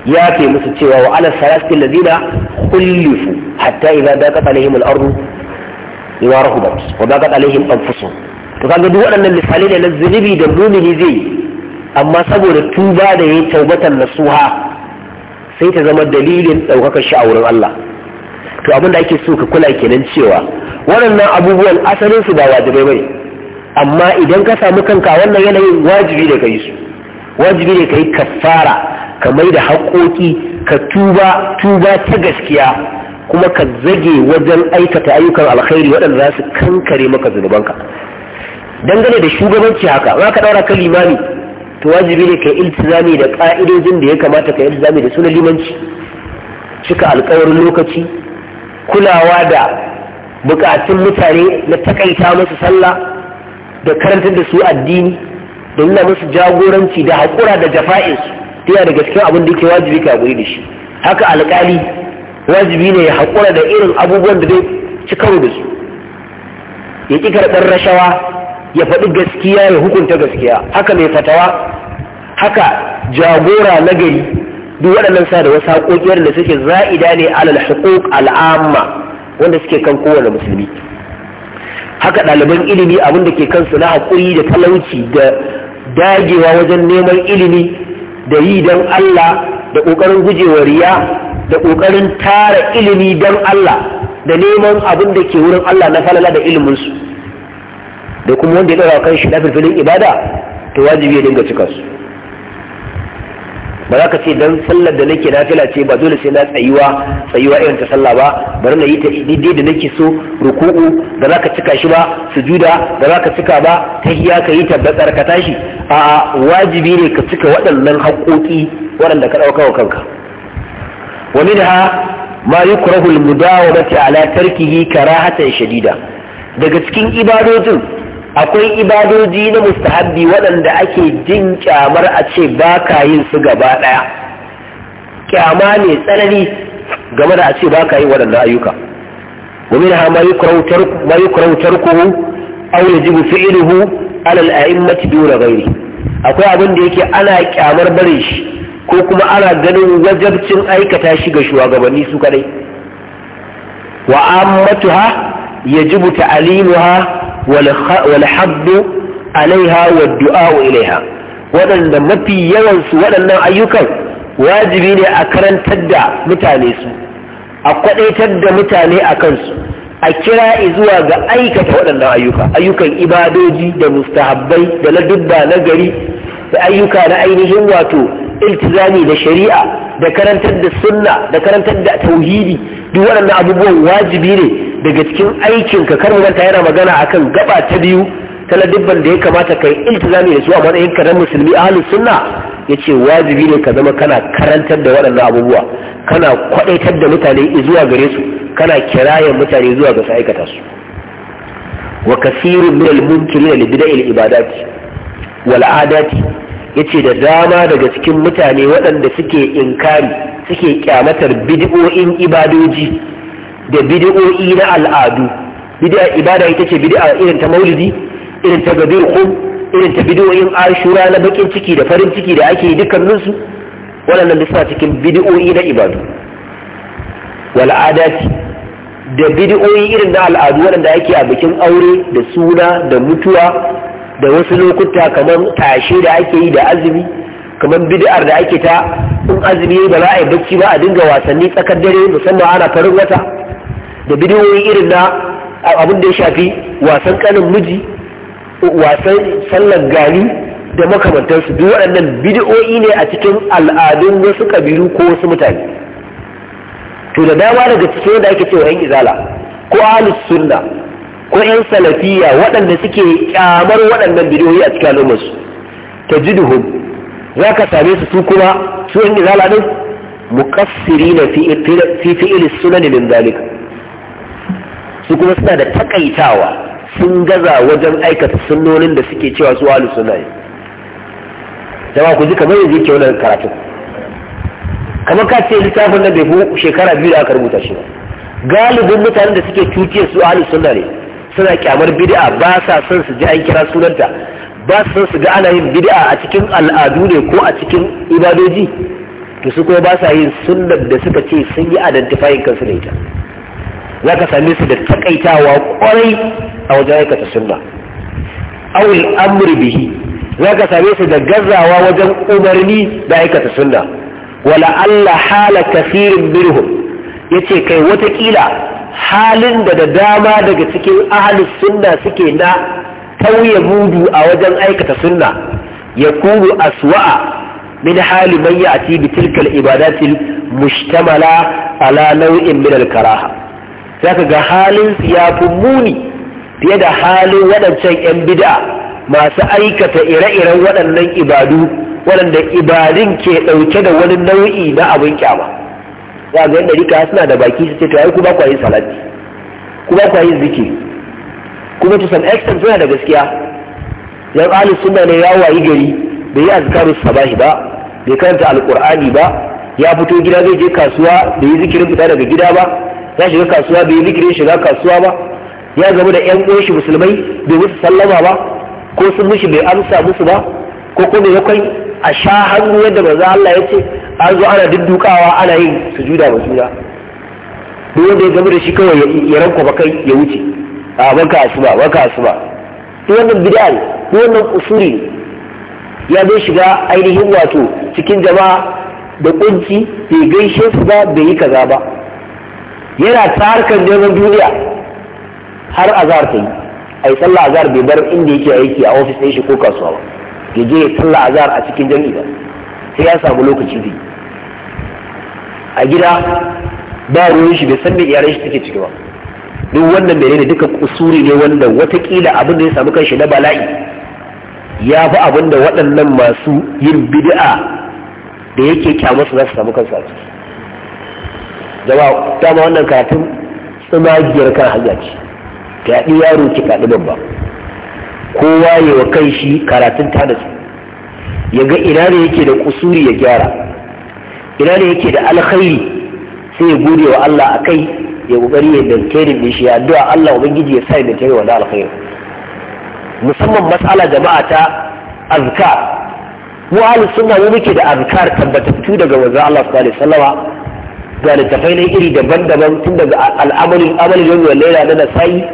ya fi musu cewa wa ala sarasti lazina kullifu hatta idza daqat alaihim al-ardu bima rahubat wa daqat alaihim anfusuhum to kaga duk waɗannan misalai ne na zunubi da mumini zai amma saboda tuba da yayi taubatan nasuha sai ta zama dalilin ɗaukakar shi a wurin Allah to abin da ake so ka kula kenan cewa waɗannan abubuwan asalin su ba wajibai bane amma idan ka samu kanka wannan yanayin wajibi da ka yi su wajibi ne ka yi kafara ka mai da haƙoƙi ka tuba tuba ta gaskiya kuma ka zage wajen aikata ayyukan alkhairi waɗanda za su kankare maka zunubanka dangane da shugabanci haka za ka ɗaura ka limami to wajibi ne ka yi iltizami da ƙa'idojin da ya kamata ka yi iltizami da sunan limanci cika alkawarin lokaci kulawa da bukatun mutane na takaita musu sallah da karantar da su addini da nuna musu jagoranci da haƙura da jafa'insu yana daga cikin abin da yake wajibi ka guri da shi haka alƙali wajibi ne ya haƙura da irin abubuwan da zai ci karo da su ya ƙi karɓar rashawa ya faɗi gaskiya ya hukunta gaskiya haka mai fatawa haka jagora na gari duk waɗannan sa da wasu haƙoƙiyar da suke za'ida ne alal huquq al'amma wanda suke kan kowane musulmi haka ɗaliban ilimi abinda ke kansu na haƙuri da talauci da dagewa wajen neman ilimi da yi don Allah da ƙoƙarin gujewa riya da ƙoƙarin tara ilimi don Allah da neman abin da ke wurin Allah na falala da iliminsu da kuma wanda ya ɗaura kan shi na filfilin ibada to wajibi ya dinga cika su ba za ka ce don sallar da nake na ce ba dole sai na tsayuwa tsayuwa irin ta sallah ba bari na yi ta daidai da nake so ruku'u da za ka cika shi ba sujuda da za ka cika ba hiya ka yi tabbatar ka tashi a wajibi ne ka cika waɗannan haƙoƙi waɗanda ka ɗauka wa kanka da ha ma yukrahu al mace ala tarkihi karahatan shadida daga cikin ibadojin akwai ibadoji na mustahabbi waɗanda ake jin kyamar a ce ba ka yin su gaba ɗaya kyama ne tsanani game da a ce ba ka yin waɗanda ayyuka domin ha ma yi kurautar kuhu aure jibu fi'iluhu alal a'immati biyu da gairi akwai abin da yake ana kyamar barin shi ko kuma ana ganin wajabcin aikata shi ga shugabanni su kadai wa ammatuha yajibu ta'limuha wal alaiha wa du'a ilaiha waɗanda mafi yawansu waɗannan ayyukan wajibi ne a karantar da mutane su a kwaɗaitar da mutane a kansu a kira zuwa ga aikata waɗannan ayyuka ayyukan ibadoji da mustahabbai da ladubba na gari da ayyuka na ainihin wato iltizami da shari'a da karantar da sunna da karantar da tauhidi duk waɗannan abubuwan wajibi ne daga cikin aikinka kar manta yana magana akan gaba ta biyu ta ladibban da ya kamata kai iltizami da su a matsayin karan musulmi ahlus sunna yace wajibi ne ka zama kana karantar da waɗannan abubuwa kana kwadaitar da mutane zuwa gare su kana kirayen mutane zuwa ga su aikata su wa kasirun min al-munkirin li bid'il ibadat wal adat yace da dama daga cikin mutane waɗanda suke inkari suke kyamatar bid'o'in ibadoji da bid'o'i na al'adu bid'a ibada ita ce bid'a irin ta maulidi irin ta gadir qum irin ta bid'o'in ashura na bakin ciki da farin ciki da ake dukkanin su waɗannan duk cikin bid'o'i na ibadu wal adati da bid'o'i irin na al'adu waɗanda ake a bikin aure da suna da mutuwa da wasu lokuta kamar tashe da ake yi da azumi kamar bid'ar da ake ta in azumi ba za a yi bacci ba a dinga wasanni tsakar dare musamman ana farin wata da bidiyoyi irin na abin da ya shafi wasan kanin miji wasan sallar gari da makamantarsu duk waɗannan bidiyoyi ne a cikin al'adun wasu kabilu ko wasu mutane to da dama daga cikin da ake cewa yan izala ko ahlus sunna ko yan salafiya waɗanda suke kyamar waɗannan bidiyoyi a cikin al'ummarsu duhu za ka same su su kuma su yan izala din mukassiri na fi fi'il sunan min zalika su kuma suna da takaitawa sun gaza wajen aikata sunnonin da suke cewa su ahlus suna ne jama'a ku ji kamar yanzu yake wannan karatu kamar ka ce littafin nan bai shekara biyu da aka rubuta shi galibin mutanen da suke tutiya su ahlus suna ne suna kyamar bid'a ba sa son su ji an kira sunanta ba su son su ga ana yin bid'a a cikin al'adu ne ko a cikin ibadoji to su kuma ba sa yin sunnar da suka ce sun yi identifying kansu da ita za ka same su da takaitawa kwarai a wajen aikata sunna awul amri bihi za ka same su da gazawa wajen umarni da aikata sunna wala Allah hala kafirin ya yace kai watakila halin da da dama daga cikin ahlus sunna suke na tauye mudu a wajen aikata sunna yakunu aswa'a من حال من يأتي بتلك العبادات المشتملة على نوع من الكراهة za ka ga halin siyafin muni fiye da halin waɗancan 'yan bid'a masu aikata ire-iren waɗannan ibadu waɗanda ibadun ke ɗauke da wani nau'i na abin kyama za ga yadda rika suna da baki su ce to ai ku salati ku kwayin ziki kuma to some extent suna da gaskiya yan ahli suna ne ya wayi gari bai yi azkaru sabahi ba bai karanta al'kur'ani ba ya fito gida zai je kasuwa bai yi zikirin fita daga gida ba ya shiga kasuwa bai zikirin shiga kasuwa ba ya zama da yan uwan shi musulmai bai musu sallama ba ko sun mushi bai amsa musu ba ko kuma ya kai a sha hannu yadda manzo Allah ya ce an zo ana duddukawa ana yin sujuda ba juna duk wanda ya zama da shi kawai ya ranko ba kai ya wuce a baka asuba baka ba duk wannan bid'a ne wannan usuri ya zo shiga ainihin wato cikin jama'a da kunci bai gaishe su ba bai yi kaza ba yana ta harkar neman duniya har azar ta yi ai sallah azar bai bar inda yake aiki a ofis ɗin shi ko kasuwa ba ya je sallah a cikin jami'a ba sai ya samu lokaci zai a gida ba ruwan shi bai san me iyalan shi take ciki ba duk wannan bai menene duka kusuri ne wanda watakila abin da ya samu kanshi na bala'i ya fi abin da waɗannan masu yin bid'a da yake kyamarsu za su samu kansu a ciki Zama dama wannan karatun tsumagiyar kan hanya ce yaɗi yaro ki kaɗi babba kowa ya wa kan shi karatun ta da su ya ga ina ne yake da kusuri ya gyara ina ne yake da alkhairi sai ya gode wa Allah a kai ya kokari ya dantarin da shi ya addu'a Allah ubangiji ya sa ya dantare wa alkhairi musamman mas'ala jama'a ta azkar mu ahlus sunna muke da azkar tabbatattu daga wanzan Allah sallallahu alaihi wasallama ga littafai na iri daban-daban tun daga al'amalin amalin yau laila na nasai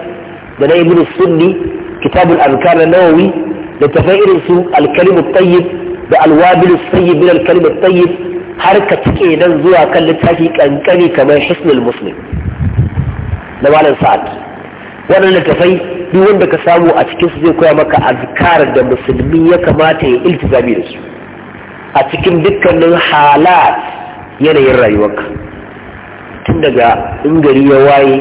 da na ibn sunni kitabul azkar na nawawi littafai irin su al-kalimu tayyib da al-wabil sayyib min al-kalimu tayyib har ka tike nan zuwa kan littafi kankani kamar hisnul muslim na malam sa'ad wannan littafai duk wanda ka samu a cikin su zai koya maka azkar da musulmi ya kamata ya iltizami da su a cikin dukkanin halat yanayin rayuwarka tun daga in gari ya waye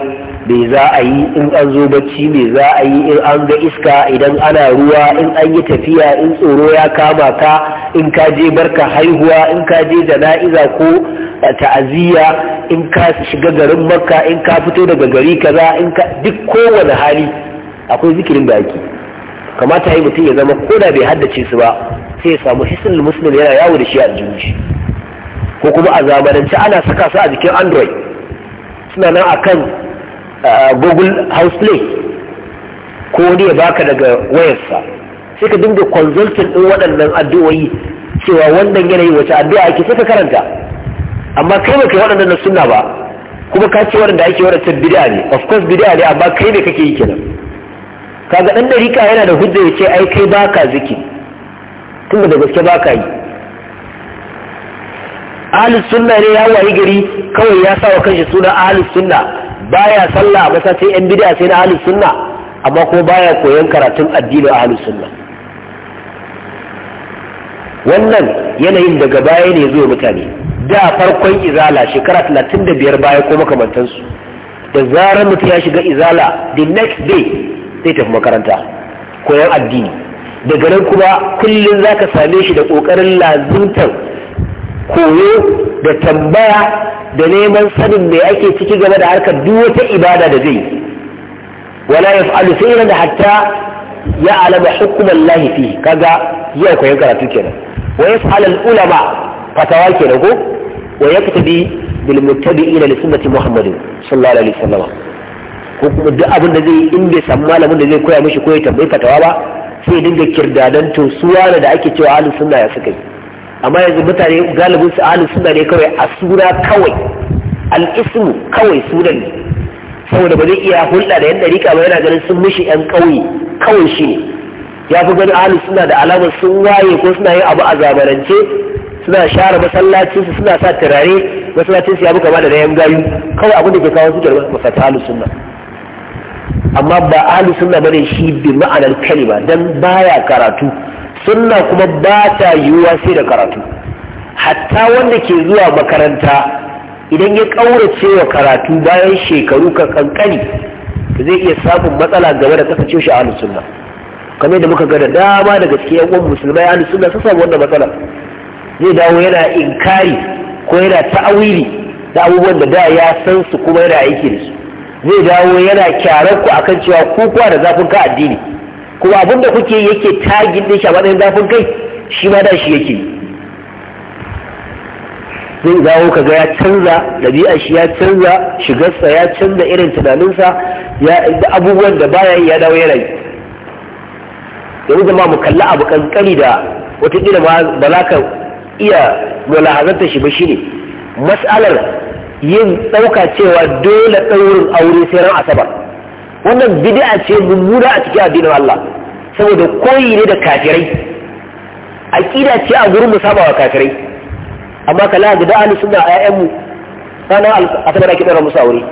bai za a yi in an zo bacci me za a yi in an ga iska idan ana ruwa in an yi tafiya in tsoro ya kama ka in ka je barka haihuwa in ka je jana'iza ko ta'aziyya in ka shiga garin makka in ka fito daga gari kaza in ka duk kowane hali akwai zikirin da ake kamata ya yi mutum ya zama koda bai haddace su ba sai ya samu hisin muslim yana yawo da shi a jinji ko kuma a zamanance ana saka su a jikin android suna nan akan google houseplay ko wani ya baka daga wayarsa sai ka dinga consulting ɗin waɗannan addu'o'i cewa wannan yanayi wace addu'a ake sai ka karanta amma kai ba kai waɗannan na sunna ba kuma ka ce waɗanda ake waɗancan bid'a ne of course bid'a ne amma kai ne kake yi kenan kaga ɗan dariƙa yana da hujja ya ce ai kai baka zikiri tunda da gaske baka yi ahlus sunna ne ya wayi gari kawai ya sa wa kanshi suna ahlus sunna baya sallah ba sai yan bid'a sai na ahlus sunna amma ko baya koyon karatun addini ahlus sunna wannan yanayin daga baya ne zuwa mutane da farkon izala shekara 35 baya ko makamantansu da zarar mutum ya shiga izala the next day zai tafi makaranta koyon addini daga nan kuma kullum zaka same shi da kokarin lazuntar koyo da tambaya da neman sanin me ake ciki gaba da harkar duk wata ibada da zai wala ya yaf'alu da hatta ya alama hukumar lahifi kaga zuwa koyon karatu kenan wa yas'al al-ulama fatawa kenan ko wa ya yaktabi bil muttabi'ina li sunnati Muhammad sallallahu alaihi wasallam ko kuma duk abin da zai yi in bai samu malamin da zai koya mishi ko ya tambayi fatawa ba sai dinga kirdadan to suwa da ake cewa ahlus sunna ya suka yi amma yanzu mutane galibin su ahlus sunna ne kawai a suna kawai al kawai sunan ne saboda ba zai iya hulɗa da yan dariƙa ba yana ganin sun mishi yan ƙauye kawai shi ne ya fi ganin ahlus sunna da alamar sun waye ko suna yin abu a zamanance suna share masallacin su suna sa turare masallacin su ya buka da rayan gayu kawai abin da ke kawo su da mafata ahlus sunna amma ba ahlus sunna bane shi bi ma'anar kalima dan baya karatu sunna kuma ba ta yiwuwa sai da karatu hatta wanda ke zuwa makaranta idan ya ƙaurace wa karatu bayan shekaru ka kankani zai iya samun matsala game da kasance shi a sunna kamar da muka ga da dama daga cikin yan uwan musulmai a sunna su samu wannan matsala zai dawo yana inkari ko yana ta'awili da abubuwan da da ya san su kuma yana aiki da su zai dawo yana kyaran ku akan cewa ku kuwa da zafin ka addini kuma abin da kuke yake tagin ɗin shi a matsayin zafin kai shi ma da shi yake zai zawo ka ga ya canza ɗabi'a shi ya canza shigarsa ya canza irin tunaninsa ya da abubuwan da baya ya dawo yana yi yanzu zama mu kalli abu kankani da watakila ba za ka iya mulahazarta shi ba shi ne. mas'alar yin ɗauka cewa dole ɗaurin aure sai ran asabar wannan bid'a ce mummuna a cikin addinin Allah saboda koyi ne da kafirai aqida ce a gurin musaba wa kafirai amma kala ga da ahli sunna ayyan mu sana asabar ake dora musu aure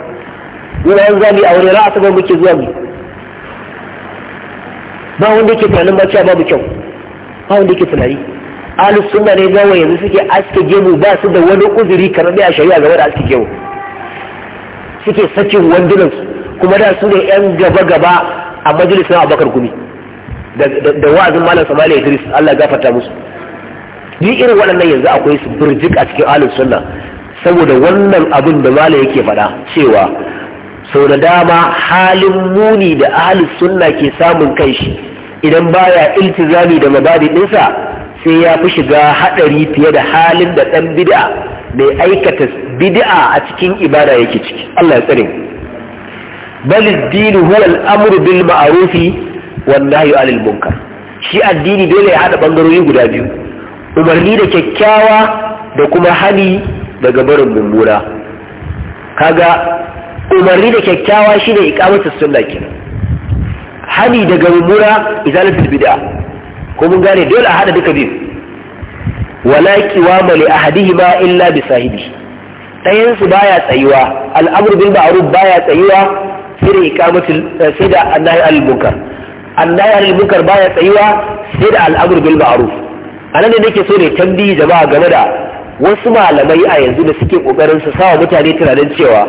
yana yan zami aure ra asabar muke zuwa mu ba wanda yake tunanin ba cewa babu kyau ba wanda yake tunani ahli sunna ne gawa yanzu suke aske gemu ba su da wani uzuri karbe a shari'a game da aske gemu suke sakin wandunansu kuma da su ne yan gaba gaba a majalisar abakar gumi da wa'azin malam samali idris allah gafarta musu duk irin waɗannan yanzu akwai su birjik a cikin alin sunna saboda wannan abin da malam yake faɗa cewa sau da dama halin muni da ahli sunna ke samun kai shi idan baya iltizami da mabadi ɗinsa sai ya fi shiga haɗari fiye da halin da ɗan bid'a mai aikata bid'a a cikin ibada yake ciki Allah ya tsare bal ad-din huwa al-amru bil ma'ruf wan nahyu 'anil munkar shi addini dole ya hada bangarori guda biyu umarni da kyakkyawa da kuma hani daga barin mummura. kaga umarni da kyakkyawa shine iqamatus sunna kenan hani daga mummuna izalatul bid'a ko mun gane dole a hada duka biyu wala qiwama li ma illa bi sahibi ɗayan su baya tsayuwa al'amru bil ma'ruf baya tsayuwa sai da iqamatul eh, sai da annahi al munkar annahi al bukar baya tsayuwa sai da al'amur bil ma'ruf anan ne nake so ne tambayi jama'a game da wasu malamai a yanzu da suke kokarin su sawa mutane tunanin cewa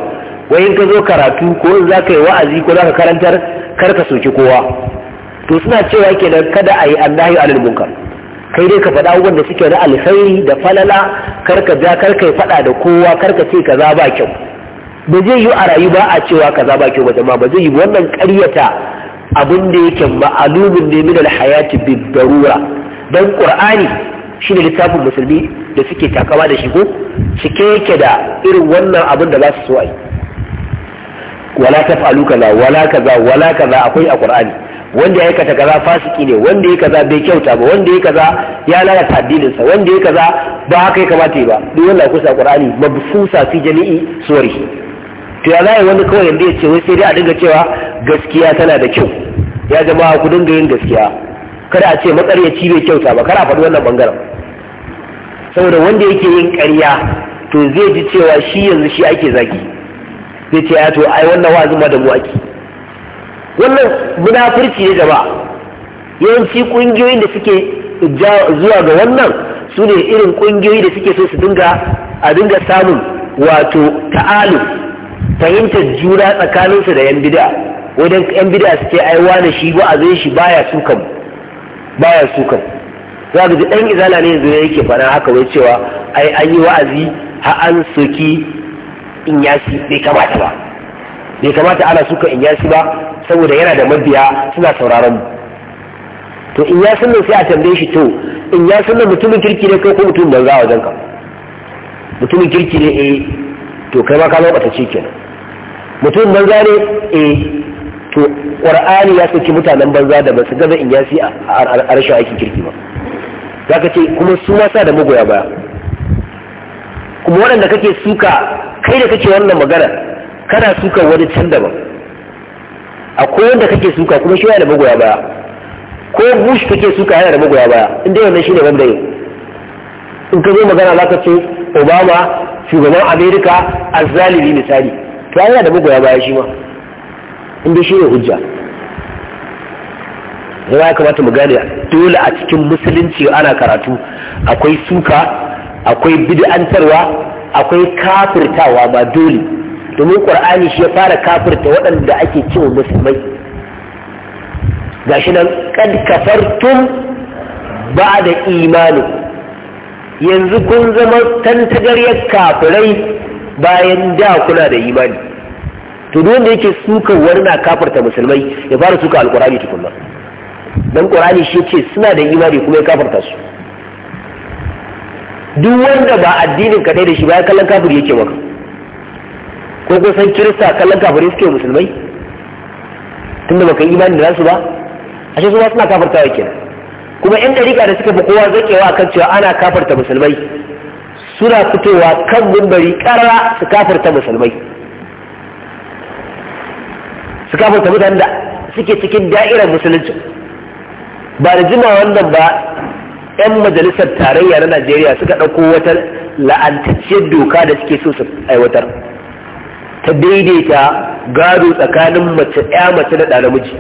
wai in ka zo karatu ko in za ka yi wa'azi ko za ka karantar kar ka soki kowa to suna cewa kenan kada a yi annahi alal munkar kai dai ka faɗa abubuwan suke na alkhairi da falala Kar ka ja kar kai faɗa da kowa kar ka ce kaza ba kyau ba zai yi a rayu ba a cewa kaza ba kyau ba jama'a ba zai yi wannan karyata abin da yake ma'alumin ne min alhayati bi darura dan qur'ani ne littafin musulmi da suke takama da shi ko cike yake da irin wannan abin da za su so ai wala taf'alu kaza wala kaza wala kaza akwai a qur'ani wanda ya aikata kaza fasiki ne wanda ya kaza bai kyauta ba wanda ya kaza ya lalata addinin sa wanda ya kaza ba haka ya kamata ba duk wannan kusa qur'ani mabsusa fi jami'i suwarihi to ya yi wani kawai yadda ya ce wai sai dai a dinga cewa gaskiya tana da kyau ya jama'a ku dinga yin gaskiya kada a ce ci bai kyauta ba kada a faɗi wannan bangaren saboda wanda yake yin ƙarya to zai ji cewa shi yanzu shi ake zagi zai ce ya to ai wannan wa zuma da mu ake wannan munafurci ne jama'a yawanci ƙungiyoyin da suke zuwa ga wannan su ne irin ƙungiyoyi da suke so su dinga a dinga samun wato ta'alu fahimtar juna tsakaninsa da yan bid'a wajen yan bid'a suke aiwa da shi zai shi baya sukan baya sukan za ga dan izala ne yanzu yake fara haka wai cewa ai an yi wa'azi ha an soki in yasi bai kamata ba bai kamata ana suka in yasi ba saboda yana da mabiya suna sauraron to in ya sunna sai a tambaye shi to in ya sunna mutumin kirki ne kai ko mutumin banza a wajenka mutumin kirki ne eh to kai ma ka lokata cikin. ce kenan mutum banza ne eh to qur'ani ya saki mutanen banza da ba su gaza in yasi a rashin aikin kirki ba zaka ce kuma su ma sa da magoya baya kuma waɗanda kake suka kai da kake wannan magana kana suka wani can daban akwai wanda kake suka kuma shi da magoya baya ko bush kake suka yana da magoya baya inda wannan shi ne wanda yau in ka zo magana za ka ce obama shugaban amerika azzalimi misali to ai yana da magoya baya shi ma inda shi ne hujja zama ya kamata mu gane dole a cikin musulunci ana karatu akwai suka akwai bid'antarwa akwai kafirtawa ba dole domin ƙwar'ani shi ya fara kafirta waɗanda ake cewa musulmai gashi nan kad kafartum ba da imanin yanzu kun zama tantagaryar kafirai bayan da kuna da imani to duk wanda yake suka wani na kafarta musulmai ya fara suka alkurani tukunna dan qur'ani shi ce suna da imani kuma ya kafarta su duk wanda ba addinin ka da shi ba ya kallon kafiri yake maka ko ko san kirista kallon kafiri suke musulmai tunda baka yi imani da su ba ashe su ba suna kafarta kenan kuma yan dariƙa da suka fi kowa zakewa akan cewa ana kafarta musulmai suna fitowa kan gumbari karara su kafirta musulmai su kafirta mutane da suke cikin da'irar musulunci ba da jima wannan ba 'yan majalisar tarayya na najeriya suka ɗauko wata la'antacciyar doka da suke so su aiwatar ta daidaita gado tsakanin mace ya mace da ɗa namiji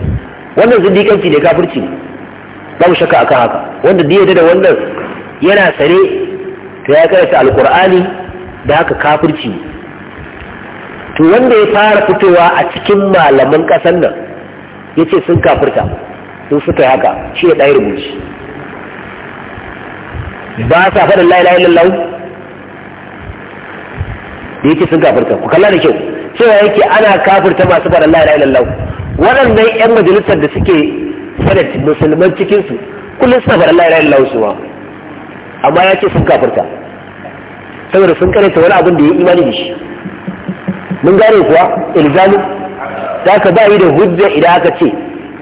wannan zindikanci ne kafirci ne babu shakka akan haka wanda da da wannan yana sare to ya kai ta alkur'ani da haka kafirci to wanda ya fara fitowa a cikin malaman ƙasar nan ya ce sun kafirta sun suka haka shi ya ɗaya rubuci ba sa faɗin layi layi illallah da sun kafirta ku kalla da kyau cewa yake ana kafirta masu faɗin layi layi illallah waɗannan 'yan majalisar da suke sanat musulman cikinsu kullum suna faɗin layi layi illallah su ba amma ya ce sun kafirta saboda sun karanta wani abin da ya imani da shi mun gane kuwa ilzami za ka bayi yi da hujja idan aka ce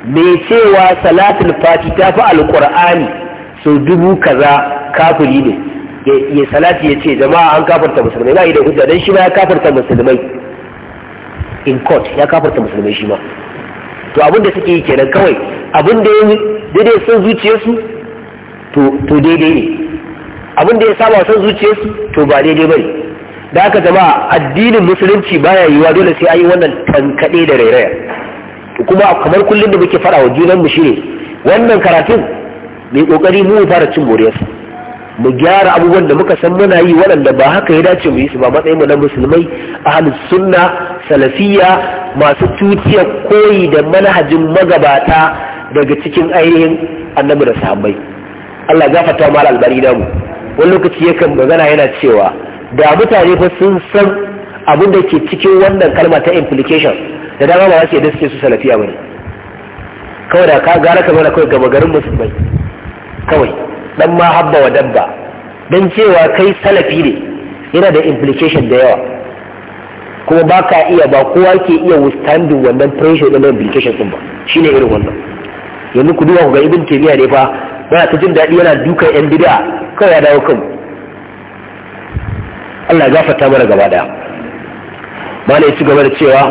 mai cewa salatul fati ta fi alƙur'ani sau dubu kaza kafiri ne ya salati ya ce jama'a an kafarta musulmai ba yi da hujja don shi ma ya kafarta musulmai in court ya kafarta musulmai shi ma to abin da suke yi kenan kawai abin da ya daidai sun zuciyarsu to daidai ne abin da ya saba san zuciyarsu to ba daidai bane da aka jama'a addinin musulunci baya yiwuwa dole sai ayi wannan tankaɗe da rairaya kuma kamar kullum da muke fara wa junan mu shine wannan karatun mai kokari mu fara cin su. mu gyara abubuwan da muka san muna yi waɗanda ba haka ya dace mu yi su ba matsayin mu na musulmai ahlus sunna salafiyya masu cutiyar koyi da manhajin magabata daga cikin ainihin annabi da sahabbai Allah gafarta mu albari da mu wani lokaci yakan magana yana cewa da mutane fa sun san abin da ke cikin wannan kalma ta implication da dama ba su yadda suke su salafiya bane kawai da ka gara ka mana kawai gama garin musulmai kawai dan ma habba wa dabba dan cewa kai salafi ne yana da implication da yawa kuma ba ka iya ba kowa ke iya withstanding wannan pressure da implication din ba shine irin wannan yanzu ku duba ku ga ibn taymiya ne fa Mana ta jin daɗi yana duka yan bid'a kawai ya dawo kan Allah ya gafarta mana gaba daya mana ya ci gaba da cewa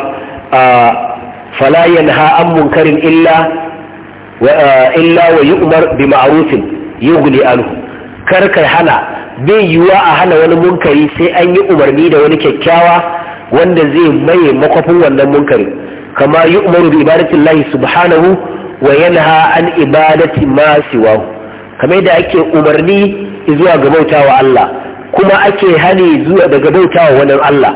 fala yanha an munkarin illa illa wa yu'mar bi ma'rufin yughli anhu kai hana bai yiwuwa a hana wani munkari sai an yi umarni da wani kyakkyawa wanda zai maye makwafin wannan munkari kama yi umaru ibadatillahi subhanahu wa yanha an ibadati ma siwahu kamar da ake umarni zuwa ga bautawa Allah kuma ake hani zuwa daga bautawa wani Allah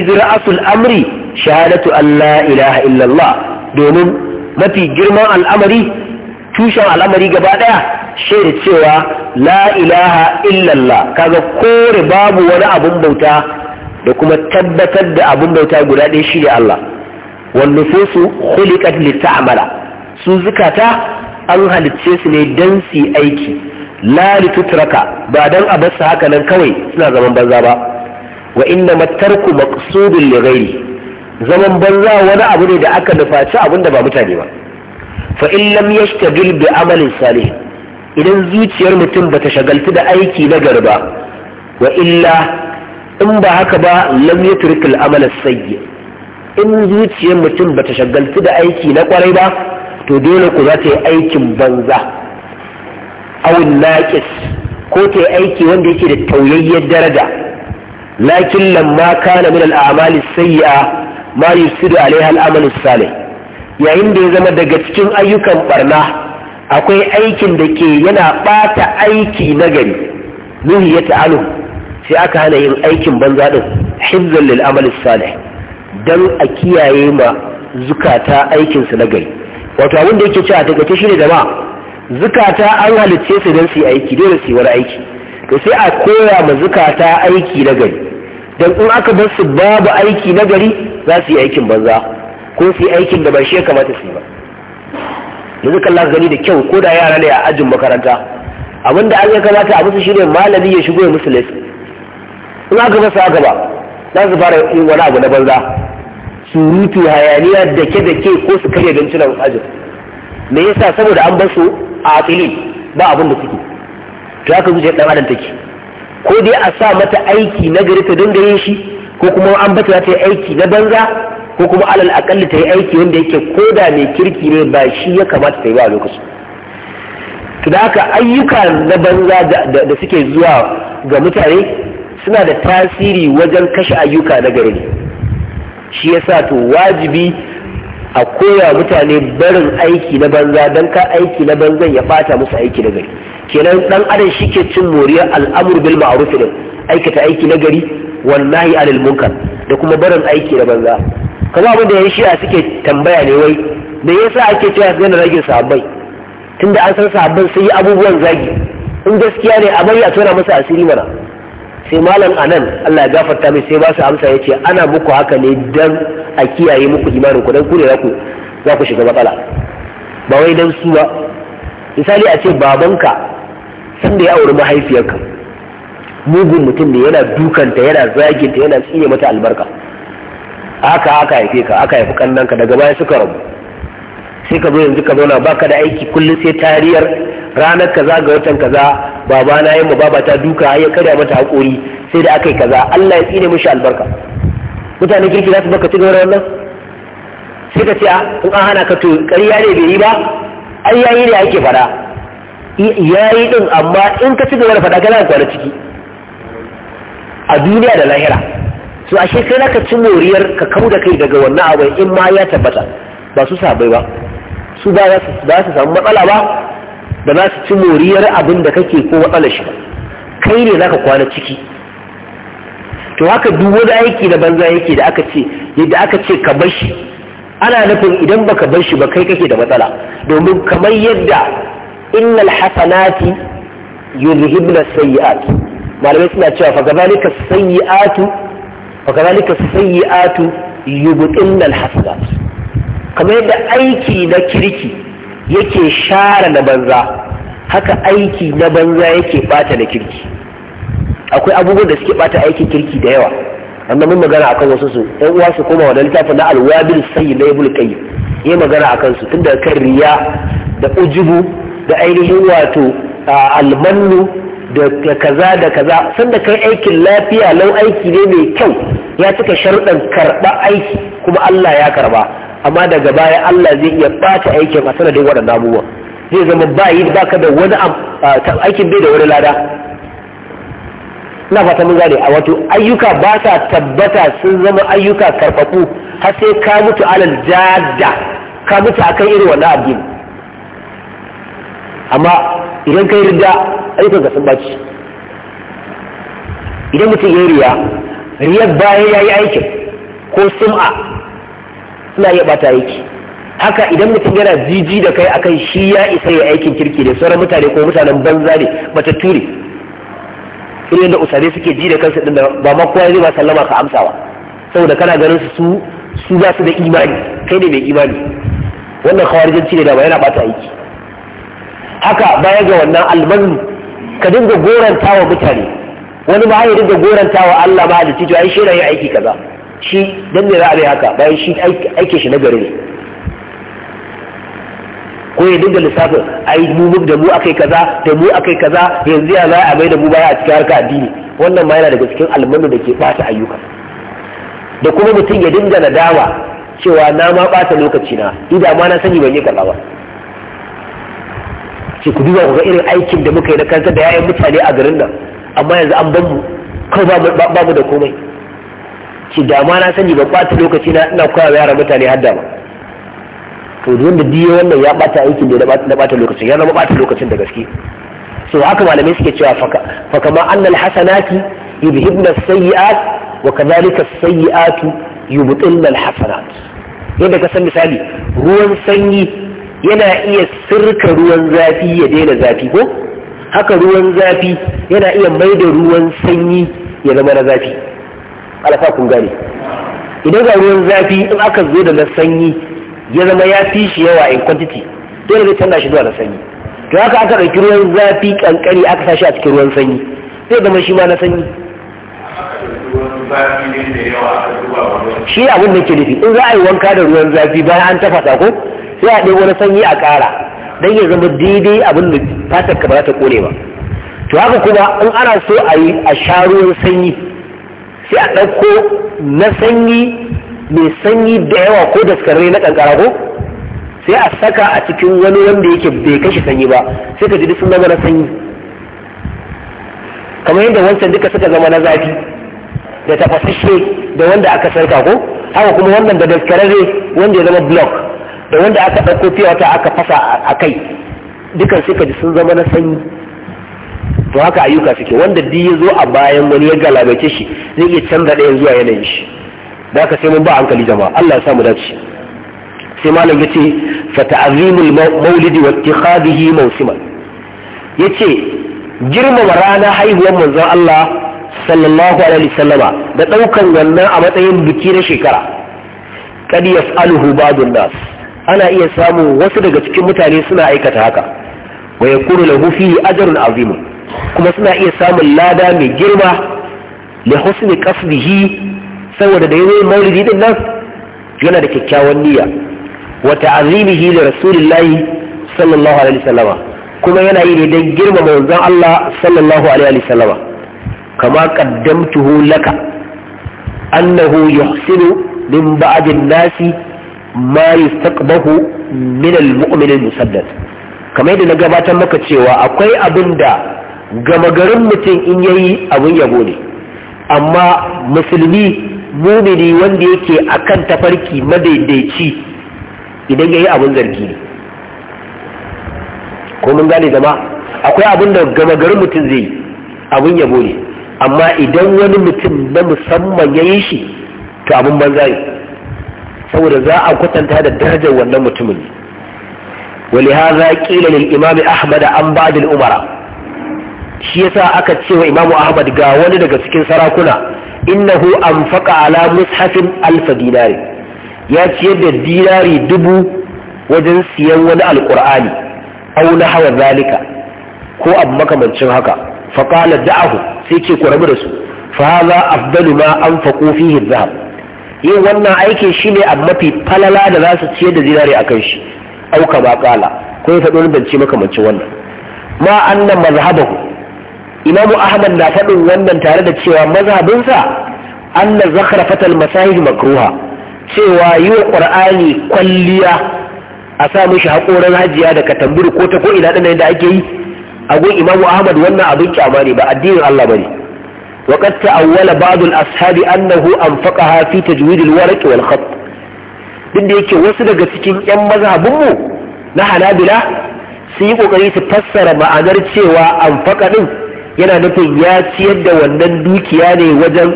izra'asul amri shahadatu an la ilaha illallah domin mafi girman al'amari tushen al'amari gaba daya shaida cewa la ilaha illallah kaga kore babu wani abun bauta da kuma tabbatar da abun bauta guda ɗaya shi ne Allah wan nufusu khuliqat lit'amala su zukata an halicce su ne don su aiki la litutraka ba don a basu haka nan kawai suna zaman banza ba wa inna matarku maqsudun li ghairi zaman banza wani abu ne da aka nufaci abin da ba mutane ba fa in lam yashtabil bi amalin salih idan zuciyar mutum ta shagaltu da aiki na garba wa illa in ba haka ba lam yutrik al amal in zuciyar mutum bata shagaltu da aiki na kwarai ba to dole ku za ta yi aikin banza awin naƙis ko ta yi aiki wanda yake da tauyayyar daraja lakin lamma kana min al'amali sayya ma yusidu alaiha al'amalus salih yayin da ya zama daga cikin ayyukan barna akwai aikin da ke yana bata aiki na gari nuhi ya ta'alu sai aka hana yin aikin banza din hibzan lil amal salih dan a kiyaye ma zukata aikinsa na gari wato abin da yake cewa ne da ba zukata an halicce su don su aiki dole su yi wani aiki to sai a koya ma zukata aiki na gari don in aka bar su babu aiki na gari za su yi aikin banza ko su yi aikin da ba shi ya kamata su yi ba yanzu kallon gani da kyau ko da yara ne a ajin makaranta abin da an yi kamata a musu shine malami ya shigo ya musu lesson in aka bar su aka ba za su fara yin wani abu na banza surutu hayaniya da ke da ke ko su karya don cinan ajin me yasa saboda an basu su a akili ba abin da suke to haka zuciyar dan adam take ko dai a sa mata aiki na gari ta dinga yin shi ko kuma an bata ta yi aiki na banza ko kuma alal akalli ta yi aiki wanda yake da mai kirki ne ba shi ya kamata ta yi ba a lokacin to da haka ayyuka na banza da suke zuwa ga mutane suna da tasiri wajen kashe ayyuka na gari shi ya sa to wajibi a koya mutane barin aiki na banza don ka aiki na banza ya bata musu aiki na gari kenan dan adam shi ke cin moriyar al'amur bil ma'ruf din aikata aiki na gari wallahi anil munkar da kuma barin aiki na banza kaza abin da yan shi'a suke tambaya ne wai me yasa ake cewa su rage sahabbai tunda an san sahabban sun yi abubuwan zagi in gaskiya ne a bari a tona masa asiri mana sai malam anan Allah ya gafarta mai sai ba su amsa yace ana muku haka ne dan a kiyaye muku imanin ku dan ku za ku shiga matsala ba wai dan su ba misali a ce babanka san da ya auri mahaifiyarka mugun mutum ne yana dukanta yana zaginta yana tsiye mata albarka haka haka haife ka aka haifi kannanka daga baya suka rabu sai ka zo yanzu ka zauna baka da aiki kullum sai tariyar ranar kaza ga watan kaza baba na yi baba ta duka ya karya mata hakori sai da aka yi kaza Allah ya tsine mishi albarka mutane kirki za su baka ci gaba wannan sai ka ce a ah, in an hana ka to ƙarya ne bai yi ba ai yayi ne ake faɗa yayi din amma in ka ci gaba da faɗa kana kwana ciki a duniya da lahira su ashe kai naka ci moriyar ka kau da kai daga wannan abin in ma ya tabbata ba su sabai ba su ba za su samu matsala ba da za su ci moriyar abin da kake ko matsalar shi kai ne zaka kwana ciki to haka duk wani aiki da banza yake da aka ce yadda aka ce ka bar shi ana nufin idan baka bar shi ba kai kake da matsala domin kamar yadda innal hasanati yuzhibna sayyi'at malamai suna cewa fa kazalika sayyi'atu fa kazalika sayyi'atu yubtinna al hasanat kamar yadda aiki na kirki yake share na banza haka aiki na banza yake bata na kirki akwai abubuwan da suke bata aikin kirki da yawa amma mun magana akan wasu su ɗan uwa su koma wannan littafin na alwabil sayyi na ibul qayyim magana akan su tunda kan riya da ujubu da ainihin wato almannu da kaza da kaza sanda kai aikin lafiya lau aiki ne mai kyau ya cika sharuɗan karɓa aiki kuma Allah ya karɓa amma daga baya Allah zai iya bata aikin a sanadin waɗannan abubuwan zai zama ba yi ba ka da wani aikin bai da wani lada na fata mun gane a wato ayyuka ba sa tabbata sun zama ayyuka karɓaɓu har sai ka mutu alal jada ka mutu kan irin wannan abin. amma idan kai ridda ayyukan ka sun baci idan mutum ya riya riyar bayan ya yi aikin ko sum'a suna iya bata aiki haka idan mutum yana jiji da kai akan shi ya isa ya aikin kirki ne sauran mutane ko mutanen banza ne bata ture ina da usare suke ji da kansu din ba ma kowa zai ba sallama ka amsawa saboda kana ganin su su ba su da imani kai ne mai imani wannan khawarijanci ne da ba yana bata aiki haka baya ga wannan almanu ka dinga goranta wa mutane wani ba ya dinga goranta wa Allah ba da cewa ai shi yana yin aiki kaza shi dan ne za a haka bayan shi aike shi na gari ne ko ya dinga lissafin ai mu da mu akai kaza da mu akai kaza yanzu ya za a bai da mu baya a cikin harka addini wannan ma yana daga cikin almanu da ke bata ayyuka da kuma mutum ya dinga nadama cewa na ma bata lokaci na idan ma na sani ban yi kaza ba ce ku duba ku ga irin aikin da muka yi na kansa da yayan mutane a garin nan amma yanzu an ban mu kawai ba mu da komai ce da ma na sani ba ɓata lokaci na ina koya yara mutane har ba to wanda diye wannan ya ɓata aikin da na ɓata lokacin ya zama ɓata lokacin da gaske so haka malamai suke cewa faka, kama annal hasanati yudhibna sayyi'at wa kadhalika sayyi'atu yubtilna alhasanat yadda ka san misali ruwan sanyi yana iya sirka ruwan zafi ya daina zafi ko haka ruwan zafi yana iya maida ruwan sanyi ya zama na zafi alfa kun gane idan ga ruwan zafi in aka zo da na sanyi ya zama ya fi shi yawa in kwantiti, dole zai canza shi zuwa na sanyi to haka aka ɗauki ruwan zafi kankani aka sa shi a cikin ruwan sanyi zai zama shi ma na sanyi shi abin da ke nufi in za a yi wanka da ruwan zafi bayan an tafasa ko sai a ɗaya wani sanyi a ƙara don ya zama daidai abin da fatar ka ba za ta kone ba to haka kuma in ana so a yi a sha ruwan sanyi sai a ɗauko na sanyi mai sanyi da yawa ko daskarre na kankara ko sai a saka a cikin wani wanda yake bai kashe sanyi ba sai ka ji sun zama na sanyi kamar yadda wancan duka suka zama na zafi da tafasashe da wanda aka sarka ko haka kuma wannan da daskararre wanda ya zama block da wanda aka ɗauko fiye wata aka fasa a kai dukan sai ka ji sun zama na sanyi to haka ayyuka suke wanda duk ya zo a bayan wani ya galabace shi zai iya canza ɗayan zuwa yanayin shi da haka sai mun ba hankali jama'a Allah ya samu dace sai malam yace fa ta'zimul maulidi wa ittikhadihi mawsima yace girmama rana haihuwar manzon Allah sallallahu alaihi wasallama da daukan wannan a matsayin biki na shekara kad yaf'aluhu ba'dun nas ana iya samun wasu daga cikin mutane suna aikata haka wa yakunu lahu fihi ajrun azimun kuma suna iya samun lada mai girma da husni kasbihi saboda da yayin maulidi din nan yana da kyakkyawan niyya wa ta'azimihi li rasulillahi sallallahu alaihi wasallama kuma yana yi ne don girma wanzan Allah sallallahu alaihi wasallama kama qaddamtuhu laka annahu yuhsinu min ba'd nasi ma yastaqbahu min al-mu'min al-musaddad kamar yadda na gabatar maka cewa akwai abin da gama garin mutum in yayi abin yabo ne amma musulmi mumini wanda yake akan tafarki madaidaici idan yayi abin zargi ne ko mun gane zama akwai abin da gama garin mutum zai abin yabo ne amma idan wani mutum na musamman ya yi shi to abin banza ne saboda za a kwatanta da darajar wannan mutumin ولهذا قيل للإمام أحمد عن بعض الأمراء shi yasa aka ce wa imamu ahmad ga wani daga cikin sarakuna innahu anfaqa ala mushafin alfa dinari ya ciyar da dinari dubu wajen siyan wani Alƙur'ani. aw na hawa zalika ko abu makamancin haka fa da'ahu sai ce ku da su fa afdalu ma anfaqu fihi dhahab yin wannan aikin shine a mafi falala da za su ciyar da dinari akan shi auka ba kala ko ya faɗo wani bance makamancin wannan ma annan mazhabahu imamu ahmad na faɗin wannan tare da cewa mazhabinsa anna zakhrafat al-masahih makruha cewa yi wa qur'ani kwalliya a sa mishi haƙoran hajiya da katamburi ko ta ko ina ɗin da ake yi a gun imamu ahmad wannan abin kyama ne ba addinin allah bane wa qad ta'awwala ba'd al-ashabi annahu anfaqaha fi tajwid al-waraq wal khat din da yake wasu daga cikin yan mazhabin mu na hanabila sun yi kokari su fassara ma'anar cewa anfaqa din yana nufin ya ciyar da wannan dukiya ne wajen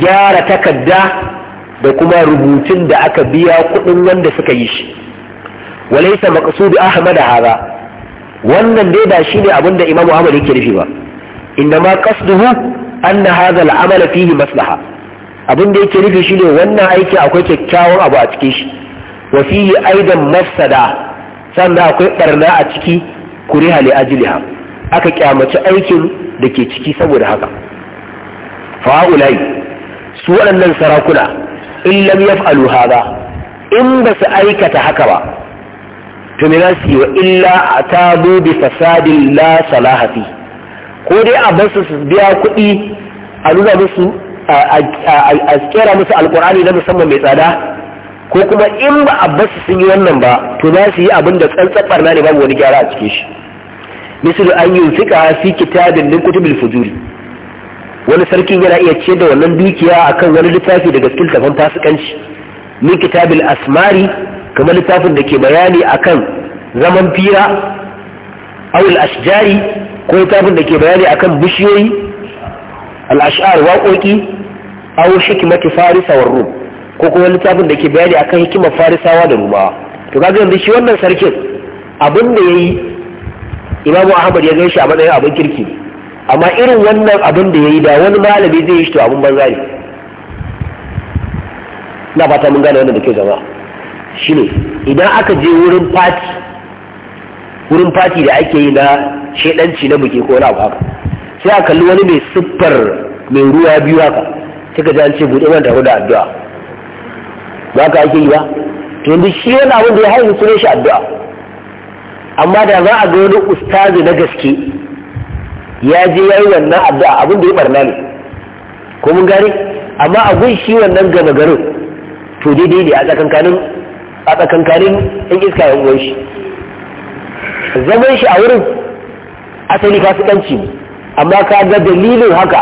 gyara takarda da kuma rubutun da aka biya kuɗin wanda suka yi shi walaisa maqsudu ahmad hada wannan dai ba shine abin da imamu ahmad yake nufi ba ma qasduhu anna hadha al amala fihi maslaha abin da yake nufi shine wannan aiki akwai kyakkyawan abu a cikin shi wa fihi aidan mafsada sannan akwai barna a ciki kuriha li ajliha aka kyamaci aikin da ke ciki saboda haka fa'ulai su waɗannan sarakuna in lam yaf'alu hada in ba su aikata haka ba to me za su yi wa illa atabu bi fasadin la salaha ko dai a ba su biya kuɗi a nuna musu a kera musu alkur'ani na musamman mai tsada ko kuma in ba a su sun yi wannan ba to za su yi abin da tsantsan ne babu wani gyara a cikin shi misali an yunfika fi kitabin min bil fujuri wani sarkin yana iya ce da wannan dukiya akan wani littafi daga cikin tafan fasikanci min kitabil asmari kamar littafin da ke bayani akan zaman fira awul ashjari ko littafin da ke bayani akan bishiyoyi al waƙoƙi aw hikmati farisa Farisawar rum ko kuma littafin da ke bayani akan hikimar farisawa da rumawa to kaga yanzu shi wannan sarkin abin da yi. imamu ahmad ya gan shi a matsayin abin kirki amma irin wannan abin da ya yi da wani malami zai yi shi to abin banza ne na fata mun gane wannan da ke zama shi ne idan aka je wurin fati wurin fati da ake yi na shaidanci na buke ko na abu haka sai a kalli wani mai siffar mai ruwa biyu haka sai ka ji ce buɗe man tafi da addu'a ba ka ake yi ba to yanzu shi yana abin ya haihu sunan shi addu'a amma da za a ga wani ustazi na gaske ya je ya yi wannan addu'a abin da ya barna ne ko mun gane amma a gun shi wannan gama garin to daidai ne a tsakankanin a tsakankanin in iska yan uwan shi zaman shi a wurin asali fasikanci ne amma ka ga dalilin haka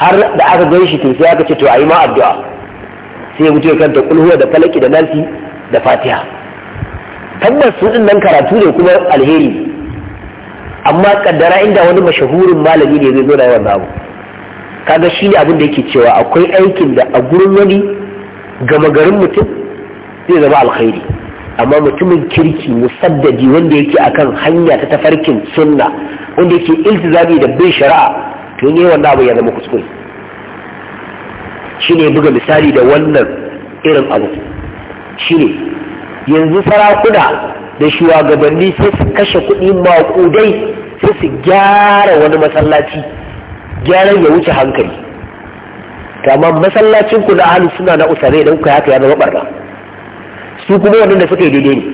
har da aka gan shi to sai aka ce to a yi ma addu'a sai ya mutu ya kanta kulhuwa da falaki da nasi da fatiha tabbas su din nan karatu ne kuma alheri amma kaddara inda wani mashahurin malami ne zai zo da yawan abu kaga shi ne abin da yake cewa akwai aikin da a gurin wani gama garin mutum zai zama alkhairi amma mutumin kirki musaddadi wanda yake akan hanya ta tafarkin sunna wanda yake iltizami da bin shari'a to ne wannan abu ya zama kuskure shine buga misali da wannan irin abu shine yanzu sarakuna da shugabanni sai su kashe kuɗi maƙudai sai su gyara wani masallaci gyaran ya wuce hankali Kama masallacin ku na ahalu suna na usare dan ku haka ya zama barna su kuma wannan da suka yi daidai ne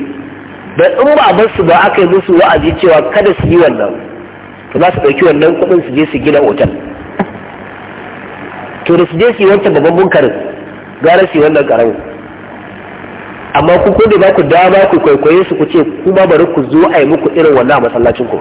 da in ba a su ba aka yi musu wa'azi cewa kada su yi wannan to za su ɗauki wannan kuɗin su je su gina otal to da su je su yi wancan babban bunkarin, gara su yi wannan ƙaramin amma ku ko da za ku dama ku kwaikwaye su ku ce kuma bari ku zo a yi muku irin wannan masallacin ku